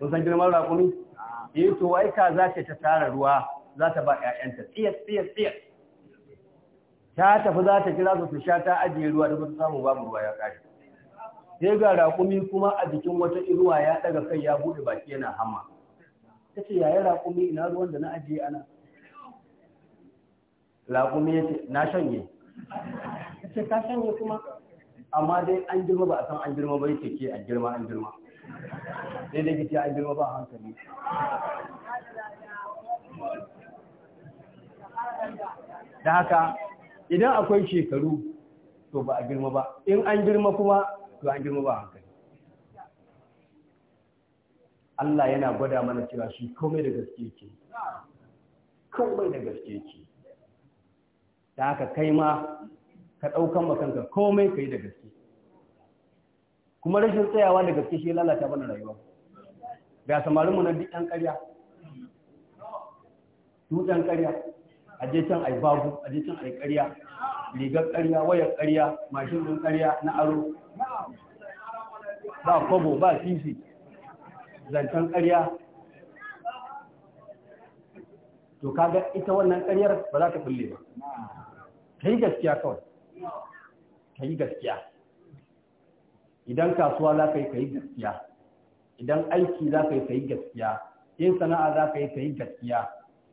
kun san girman rakumi eh to wai ka za ta tara ruwa za ta ba ƴaƴanta tsiyar tsiyar tsiyar ta tafi za ta kira su su sha ta ajiye ruwa da su samu babu ruwa ya kare sai ga raƙumi kuma a jikin wata iruwa ya daga kai ya bude baki yana hama ta ce yaya raƙumi ina ruwan da na ajiye ana raƙumi ya ce na shanye ta ce ka shanye kuma amma dai an girma ba a san an girma ba yake ke a girma an girma sai dai kici an girma ba hankali da haka idan akwai shekaru to ba a girma ba in an girma kuma to an girma ba hankali Allah yana gwada mana cewa shi komai da gaske ke komai da gaske ke ta haka kai ma ka ɗaukan makanka komai ka yi da gaske kuma rashin tsayawa da gaske shi lalata mana rayuwa ga samarinmu na duk ɗan ƙarya duk ɗan ƙarya Aje can ai babu aje can ai ƙarya rigar ƙarya wayar ƙarya mashin ɗin ƙarya na aro ba kobo ba sisi zancen ƙarya to kaga ita wannan ƙaryar ba za ta kulle ba ka yi gaskiya kawai ka yi gaskiya idan kasuwa za ka yi ka yi gaskiya idan aiki za ka yi ka yi gaskiya yin sana'a za ka yi ka yi gaskiya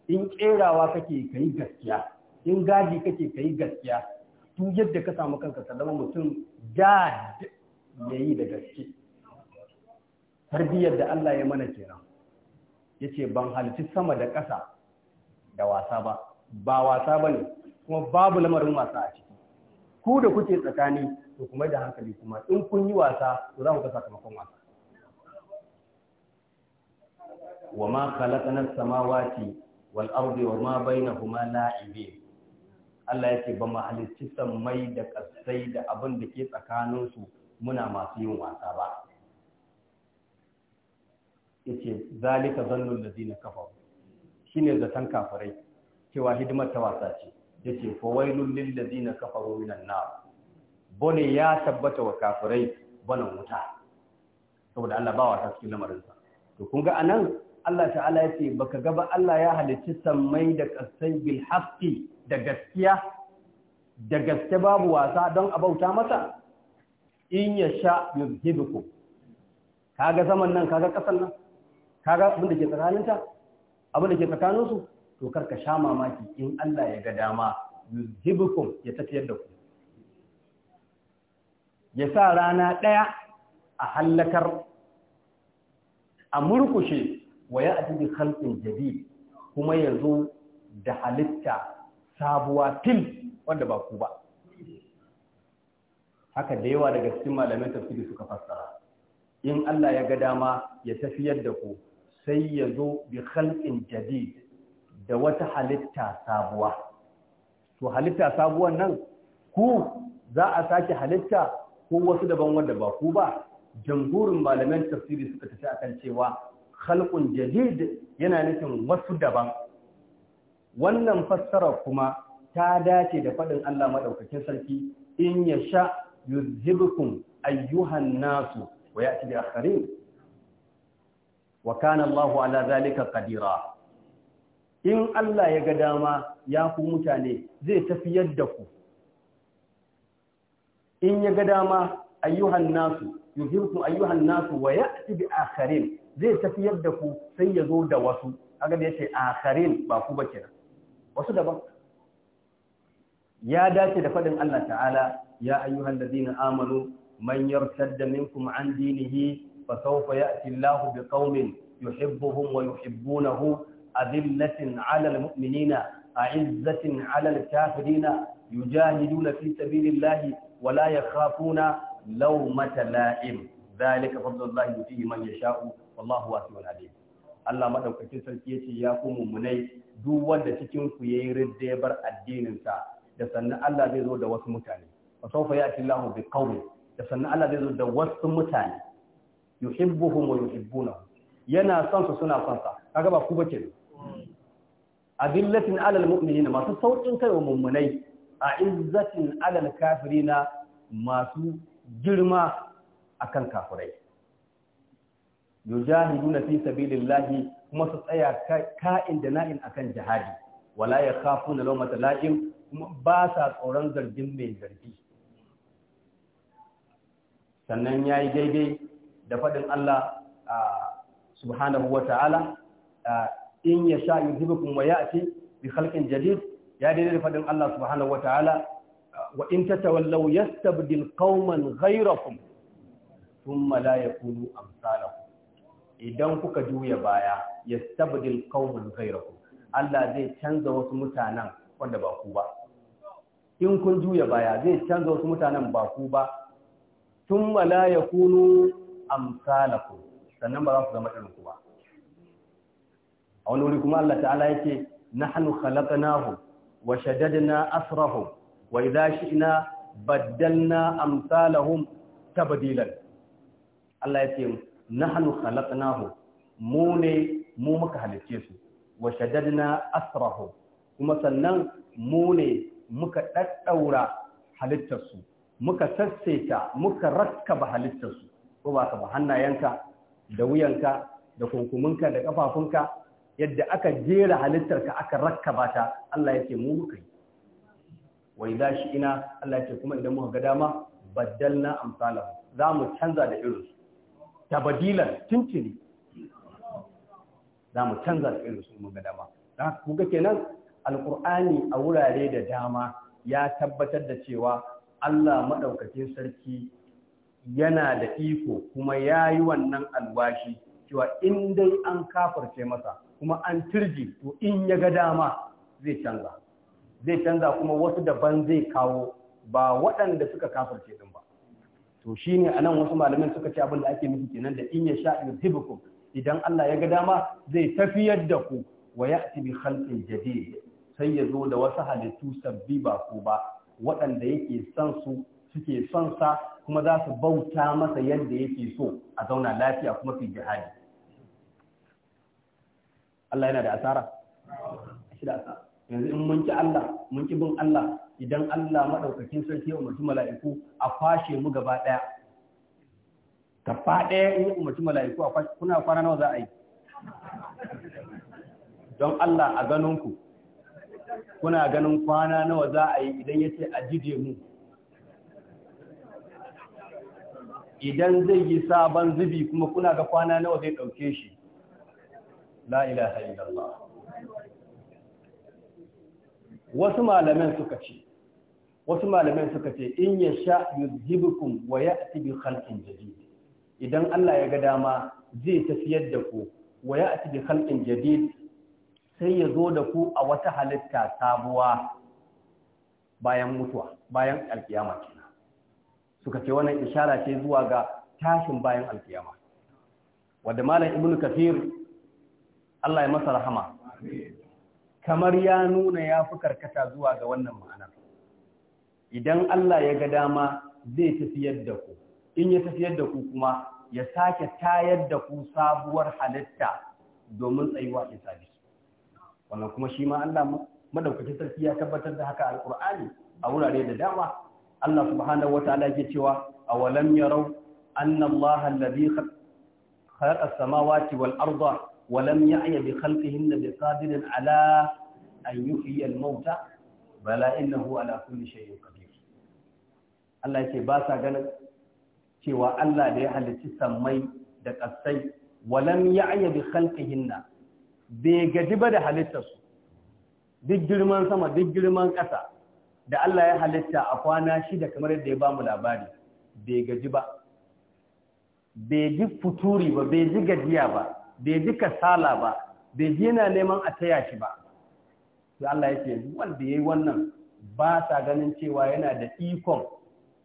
in kerawa kake kai gaskiya in gaji kake kai gaskiya tun yadda ka samu kanka ka zama mutum da yi da gaske tarbiyyar da Allah ya mana kenan yace ban halici sama da ƙasa da wasa ba ba wasa bane kuma babu lamarin wasa a ciki ku da kuke tsakani to kuma da hankali kuma in kun yi wasa to za ku ga sakamakon wasa wa ma khalaqna samawati wal ardi wa ma bainahuma la'ibin Allah yake ba mu halicci mai da kasai da abin da ke tsakanin su muna masu yin wasa ba ce zalika zina ladina kafaru shine zaton kafirai cewa hidimar ta wasa ce yace fa wailul lil ladina kafaru minan nar bone ya tabbata wa kafirai banan wuta saboda Allah ba wasa cikin lamarin to kun ga anan Allah ta'ala ya ce baka gaba Allah ya halicci sammai da kasai bil haqqi da gaskiya da gaske babu wasa don a bauta masa in ya sha yuzhibukum kaga zaman nan kaga kasan nan kaga abin da ke tsakaninta abin da ke tsakaninsu to karka sha mamaki in Allah ya ga dama yuzhibukum ya tafiyar da ku ya sa rana ɗaya a hallakar a murkushe wa a bi khalqin jadid kuma zo da halitta sabuwa til wanda ba ku ba haka da yawa daga cikin malamin tafsiri suka fassara in Allah ya ga dama ya tafiyar da ku sai ya zo bi khalqin jadid da wata halitta sabuwa to halitta sabuwan nan ku za a sake halitta ko wasu daban wanda ba ku ba jamhurin malamin tafsiri suka tafi akan cewa khalqun jadid yana nufin wasu daban wannan fassara kuma ta dace da faɗin Allah madaukakin sarki in ya sha yuzhibukum ayyuhan nasu wa ya'ti bi akharin wa kana Allahu ala zalika qadira in Allah ya ga dama ya ku mutane zai tafiyar da ku in ya ga dama ayyuhan nasu yuhibbu ayyuhan nasu wa ya'ti bi akharin zai tafiyar da ku sai ya zo da wasu kaga da yace akharin ba ku ba kenan wasu daban ya dace da fadin Allah ta'ala ya ayyuhan ladina amanu man yartadda minkum an dinihi fa sawfa ya'ti Allahu bi qaumin yuhibbuhum wa yuhibbunahu adillatin 'ala al-mu'minina a'izzatin 'ala al-kafirin yujahiduna fi sabilillahi wala la laumata la'im zalika fadlullahi yutihi man yasha'u wallahu wasi'un alim Allah madaukakin sarki ce ya ku mummunai duk wanda cikin ku yayi ridda bar addinin sa da sannan Allah zai zo da wasu mutane fa sawfa ya'ti Allahu bi qaumin da sannan Allah zai zo da wasu mutane yuhibbuhum wa yuhibbunahu yana son su suna son sa kaga ba ku bace adillatin alal mu'minina masu saukin kai wa mummunai a izzatin alal kafirina masu girma a akan kafirai na fi lahi kuma su tsaya ka'in da na'in kan jihadi wala yakhafuna lawmata la'im kuma ba sa tsoron zargin mai zargi sannan ya yi daidai da faɗin Allah subhanahu wa ta'ala, in yasha yuzibukum wa ce, bi halkin jadid ya daidai da faɗin Allah subhanahu wa ta'ala. wa in tatawallaw yastabdil qauman ghayrakum thumma la yakunu amsalakum idan kuka juya baya yastabdil qauman ghayrakum Allah zai canza wasu mutanen wanda ba ku ba in kun juya baya zai canza wasu mutanen ba ku ba thumma la yakunu amsalakum sannan ba za su zama irin ku ba a wani wuri kuma Allah ta'ala yake nahnu khalaqnahum wa shaddadna asrahum wa idza shi'na baddalna amsalahum tabdilan Allah ya ce nahnu khalaqnahu mu ne mu muka halicce su wa shaddadna asrahum kuma sannan mu ne muka daddaura halittarsu muka sassaita muka rakkaba halittarsu ko ba ka ba hannayenka da wuyanka da kunkuminka da kafafunka yadda aka jera halittarka aka rakkaba ta Allah ya ce mu muka yi wa idza ina Allah ya ce kuma idan muka ga dama baddalna amsala za mu canza da irin irinsu tabadilan tuntuni za mu canza da su mun ga dama da kuga kenan alkur'ani a wurare da dama ya tabbatar da cewa Allah madaukakin sarki yana da iko kuma ya yi wannan alwashi cewa in dai an kafarce masa kuma an turji to in ya ga dama zai canza zai canza kuma wasu daban zai kawo ba waɗanda suka kafarce din ba to shine anan wasu malamin suka ce abin da ake miki kenan da in ya sha yuzibukum idan Allah ya ga dama zai tafiyar da ku wa ya'ti bi khalqin jadid sai ya zo da wasu halittu sabbi ba ko ba waɗanda yake son su suke son sa kuma za su bauta masa yadda yake so a zauna lafiya kuma su jihadi Allah yana da asara shi da asara yanzu in mun ki Allah mun ki bin Allah idan Allah madaukakin sarki ya umarci mala'iku a kwashe mu gaba daya gaba daya in umarci mala'iku a fashe kuna kwana nawa za a yi don Allah a ganin ku kuna ganin kwana nawa za a yi idan ya ce a jide mu idan zai yi sabon zubi kuma kuna ga kwana nawa zai ɗauke shi la ilaha illallah wasu malamin suka ce wasu malamin suka ce in ya sha yuzhibukum wa ya'ti bi khalqin jadid idan Allah ya ga dama zai tafiyar da ku wa ya'ti bi khalqin jadid sai ya zo da ku a wata halitta sabuwa bayan mutuwa bayan alkiyama kenan suka ce wannan ishara ce zuwa ga tashin bayan alkiyama wanda malam ibnu kafir Allah ya masa rahama kamar ya nuna ya fi karkata zuwa ga wannan ma'anar idan Allah ya ga dama zai tafiyar da ku in ya tafiyar da ku kuma ya sake tayar da ku sabuwar halitta domin tsayuwa hisabi wannan kuma shi ma Allah madaukakin sarki ya tabbatar da haka al'ur'ani a wurare da dama Allah subhanahu wataala ke cewa awalam yarau anna Allah alladhi khalaqa as-samawati wal arda ولم يعي بخلقهن بقادر على أن يحيي الموتى بلا إنه على كل شيء قدير الله يكي باسا قال cewa Allah da ya halicci sammai da ƙasai walam ya aya bi khalqihinna bai gaji ba da girman sama digirman ƙasa da Allah ya halitta a kwana shida kamar yadda ya bamu labari bai gaji ba bai ji futuri ba bai ji gajiya ba bai ji kasala ba bai ji yana neman a taya shi ba sai Allah ya ce wanda yayi wannan ba sa ganin cewa yana da ikon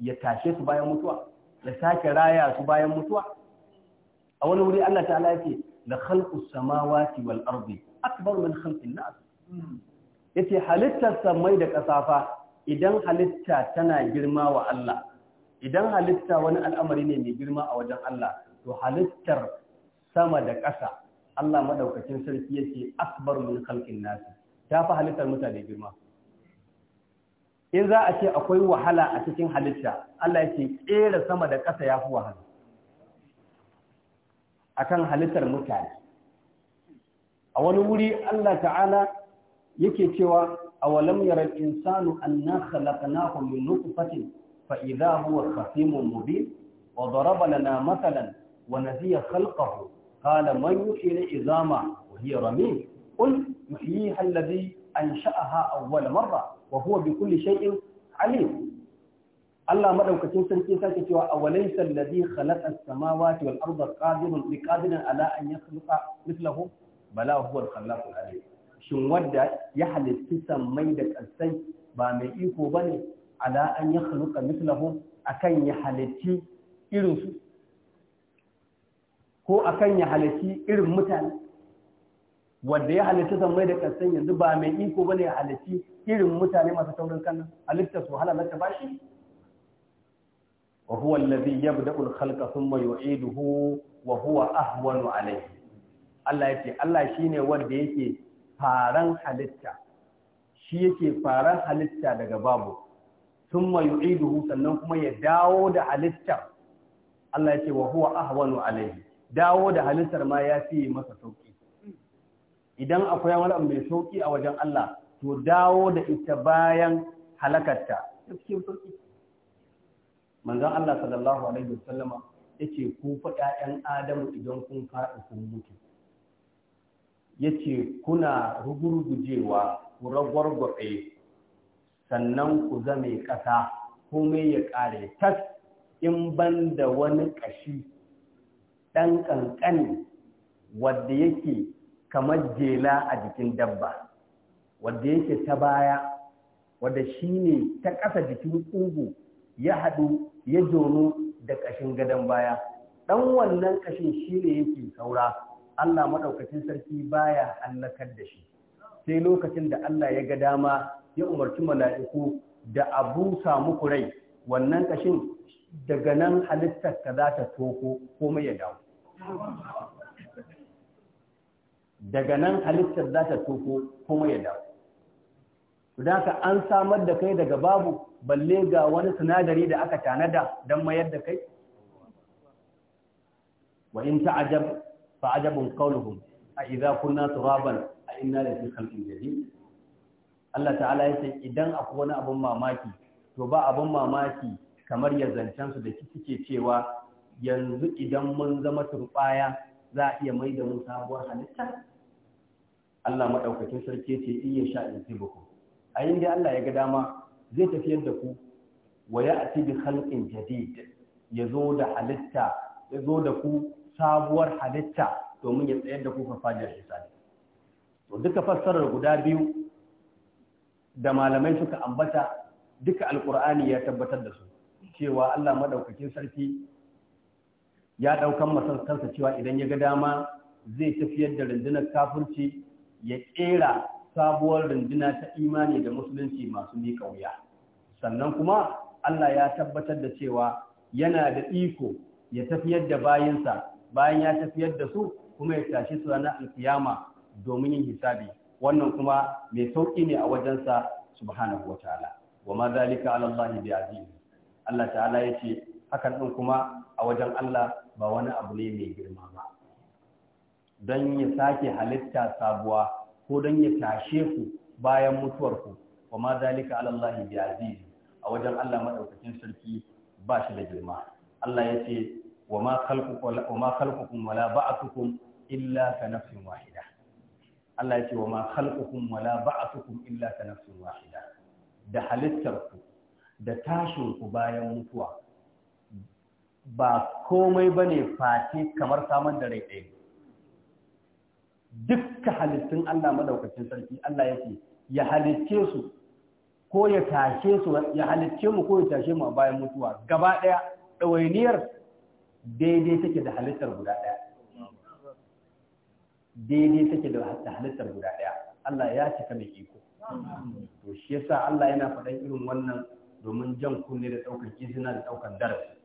ya tashe su bayan mutuwa ya sake raya su bayan mutuwa a wani wuri Allah ta'ala ya ce la khalqus samawati wal ardi akbar min khalqin nas yace halittar samai da kasafa idan halitta tana girma wa Allah idan halitta wani al'amari ne mai girma a wajen Allah to halittar sama da ƙasa Allah madaukakin sarki yake akbar mun khalqin nas ta fi halittar mutane girma in za a ce akwai wahala a cikin halitta Allah yake kera sama da ƙasa ya fi wahala akan halittar mutane a wani wuri Allah ta'ala yake cewa awalam yara insanu anna khalaqnahu min nutfatin fa idha huwa khasimun mubin wa daraba lana mathalan wa nasiya khalqahu qala man yuhyi izama wa hiya ramim qul yuhyiha alladhi ansha'aha awwal marra wa huwa bi kulli shay'in Ali Allah madaukakin sarki sake cewa awalaysa alladhi khalaqa as-samawati wal arda qadirun bi qadirin ala an yakhluqa mithlahu bala huwa al-khallaqu alim shin wanda ya halitta sammai da ƙasai ba mai iko bane ala an yakhluqa mithlahu akan ya halitti irinsu ko a kan ya halici irin mutane wanda ya zan mai da kasan yanzu ba mai iko bane ya halici irin mutane masu taurin kan halitta su halala ta bashi wa huwa allazi yabda'u al-khalqa thumma yu'iduhu wa huwa ahwanu alayhi Allah yake Allah shine wanda yake faran halitta shi yake faran halitta daga babu thumma yu'iduhu sannan kuma ya dawo da halitta Allah yake wa huwa ahwanu alayhi dawo da halittar ma ya fi masa sauƙi, idan akwai wani abu mai sauƙi a wajen Allah to dawo da ita bayan halakarta ta Allah sallallahu alaihi wasallama yace ku faɗa 'yan Adamu idan kun faɗi kun mutu yace kuna rugurgujewa ku ragwargwabe sannan ku zame ƙasa komai ya ƙare tas in ban da wani ƙashi ɗan ƙanƙani wadda yake kamar jela a jikin dabba wadda yake ta baya wadda shi ne ta ƙasa jikin ƙugu ya haɗu ya jono da ƙashin gadon baya ɗan wannan ƙashin shi ne yake saura Allah maɗaukacin sarki baya hallakar da shi sai lokacin da Allah ya ga dama ya umarci mala'iku da abu samu kurai wannan ƙashin daga nan halittar ka za ta toko komai ya dawo daga nan halittar za ta toko kuma ya dawo da ka an samar da kai daga babu balle ga wani sinadari da aka tanada don mayar da kai wa in ta ajab fa ajabun qawluhum a idza kunna turaban a ina da khalqin injiri? Allah ta'ala ya ce idan akwai wani abin mamaki to ba abin mamaki kamar ya zancen su da suke cewa yanzu idan mun zama turbaya za a iya mai da mu sabuwar halitta Allah maɗaukakin sarki ce in ya sha in a yin Allah ya ga dama zai tafi yadda ku wa ya ati bi khalqin jadid ya zo da halitta ya zo da ku sabuwar halitta domin ya tsayar da ku farfajiyar hisabi to duka fassarar guda biyu da malamai suka ambata duka alqur'ani ya tabbatar da su cewa Allah maɗaukakin sarki ya ɗaukan masar kansa cewa idan ya ga dama zai tafiyar da rundunar kafirci ya ƙera sabuwar runduna ta imani da musulunci masu miƙa wuya sannan kuma Allah ya tabbatar da cewa yana da iko ya tafiyar da bayansa bayan ya tafiyar da su kuma ya tashi su ranar alkiyama domin yin hisabi wannan kuma mai sauƙi ne a wajensa subhanahu wataala wa ma zalika ala Allah bi aziz Allah ta'ala yace hakan din kuma a wajen Allah ba wani abu ne mai girma ba don ya sake halitta sabuwa ko don ya tashe ku bayan mutuwarku wa ma zalika Allah bi aziz a wajen Allah madaukakin sarki ba shi da girma Allah ya ce wa ma khalqukum wa ma khalqukum wala ba'athukum illa ka nafsin wahida Allah ya ce wa ma khalqukum wala ba'athukum illa ka nafsin wahida da halittarku da tashin ku bayan mutuwa ba komai ba ne face kamar samun da rai ɗaya dukkan halittun Allah madaukakin sarki Allah yake ya halicce su ko ya tashe su ya halitce mu ko ya tashe mu a bayan mutuwa gaba ɗaya ɗawainiyar daidai take da halittar guda ɗaya daidai take da halittar guda ɗaya Allah ya cika mai iko to shi yasa Allah yana faɗan irin wannan domin jan kunne da ɗaukar izina da ɗaukar darasi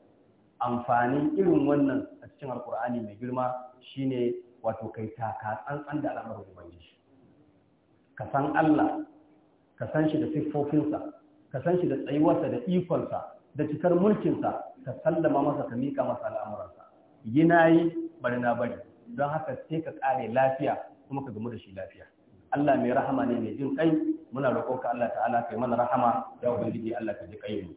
Amfani irin wannan a cikin alkur'ani mai girma shine wato kai taka tsantsan da al'amar ubangiji ka san Allah ka san shi da siffofinsa ka san shi da tsayuwarsa da ikonsa da cikar mulkinsa ka sallama masa ka mika masa al'amuransa yi yi bari na bari don haka sai ka kare lafiya kuma ka gamu da shi lafiya Allah mai rahama ne mai jin kai muna roƙon ka Allah ta'ala kai mana rahama ya ubangiji Allah ka ji kai mu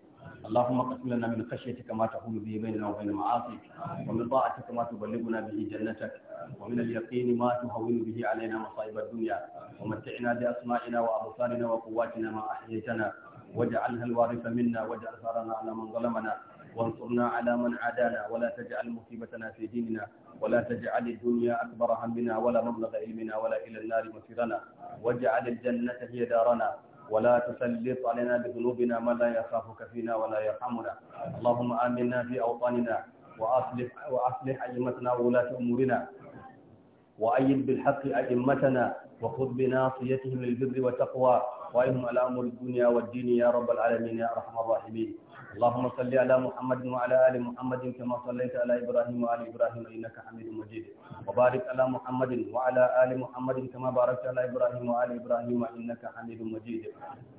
اللهم اقسم لنا من خشيتك ما تحول به بيننا وبين معاصيك ومن طاعتك ما تبلغنا به جنتك ومن اليقين ما تهون به علينا مصائب الدنيا ومتعنا باسمائنا وابصارنا وقواتنا ما احييتنا واجعلها الوارث منا واجعل ثارنا على من ظلمنا وانصرنا على من عادانا ولا تجعل مصيبتنا في ديننا ولا تجعل الدنيا أكبر همنا ولا مبلغ علمنا ولا إلى النار مصيرنا واجعل الجنة هي دارنا ولا تسلط علينا بذنوبنا من لا يخافك فينا ولا يرحمنا اللهم آمنا في أوطاننا وأصلح, وأصلح أئمتنا وولاة أمورنا وأيد بالحق أئمتنا وخذ بناصيتهم للبر والتقوى وإنهم على أمر الدنيا والدين يا رب العالمين يا أرحم الراحمين اللهم صل على محمد وعلى ال محمد كما صليت على ابراهيم وعلى ابراهيم انك حميد مجيد وبارك على محمد وعلى ال محمد كما باركت على ابراهيم وعلى ابراهيم انك حميد مجيد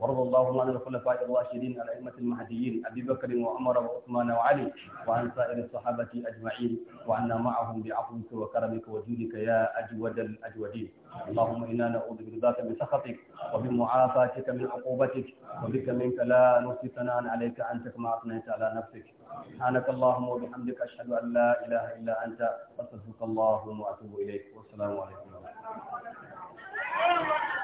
وارض اللهم عن الخلفاء الراشدين الائمه المهديين ابي بكر وعمر وعثمان وعلي وعن سائر الصحابه اجمعين وعنا معهم بعفوك وكرمك وجودك يا اجود الاجودين اللهم انا نعوذ برضاك من سخطك وبمعافاتك من عقوبتك وبك منك لا نحصي ثناء عليك انت كما كما أثنيت على نفسك سبحانك اللهم وبحمدك أشهد أن لا إله إلا أنت أستغفرك اللهم وأتوب إليك والسلام عليكم ورحمة الله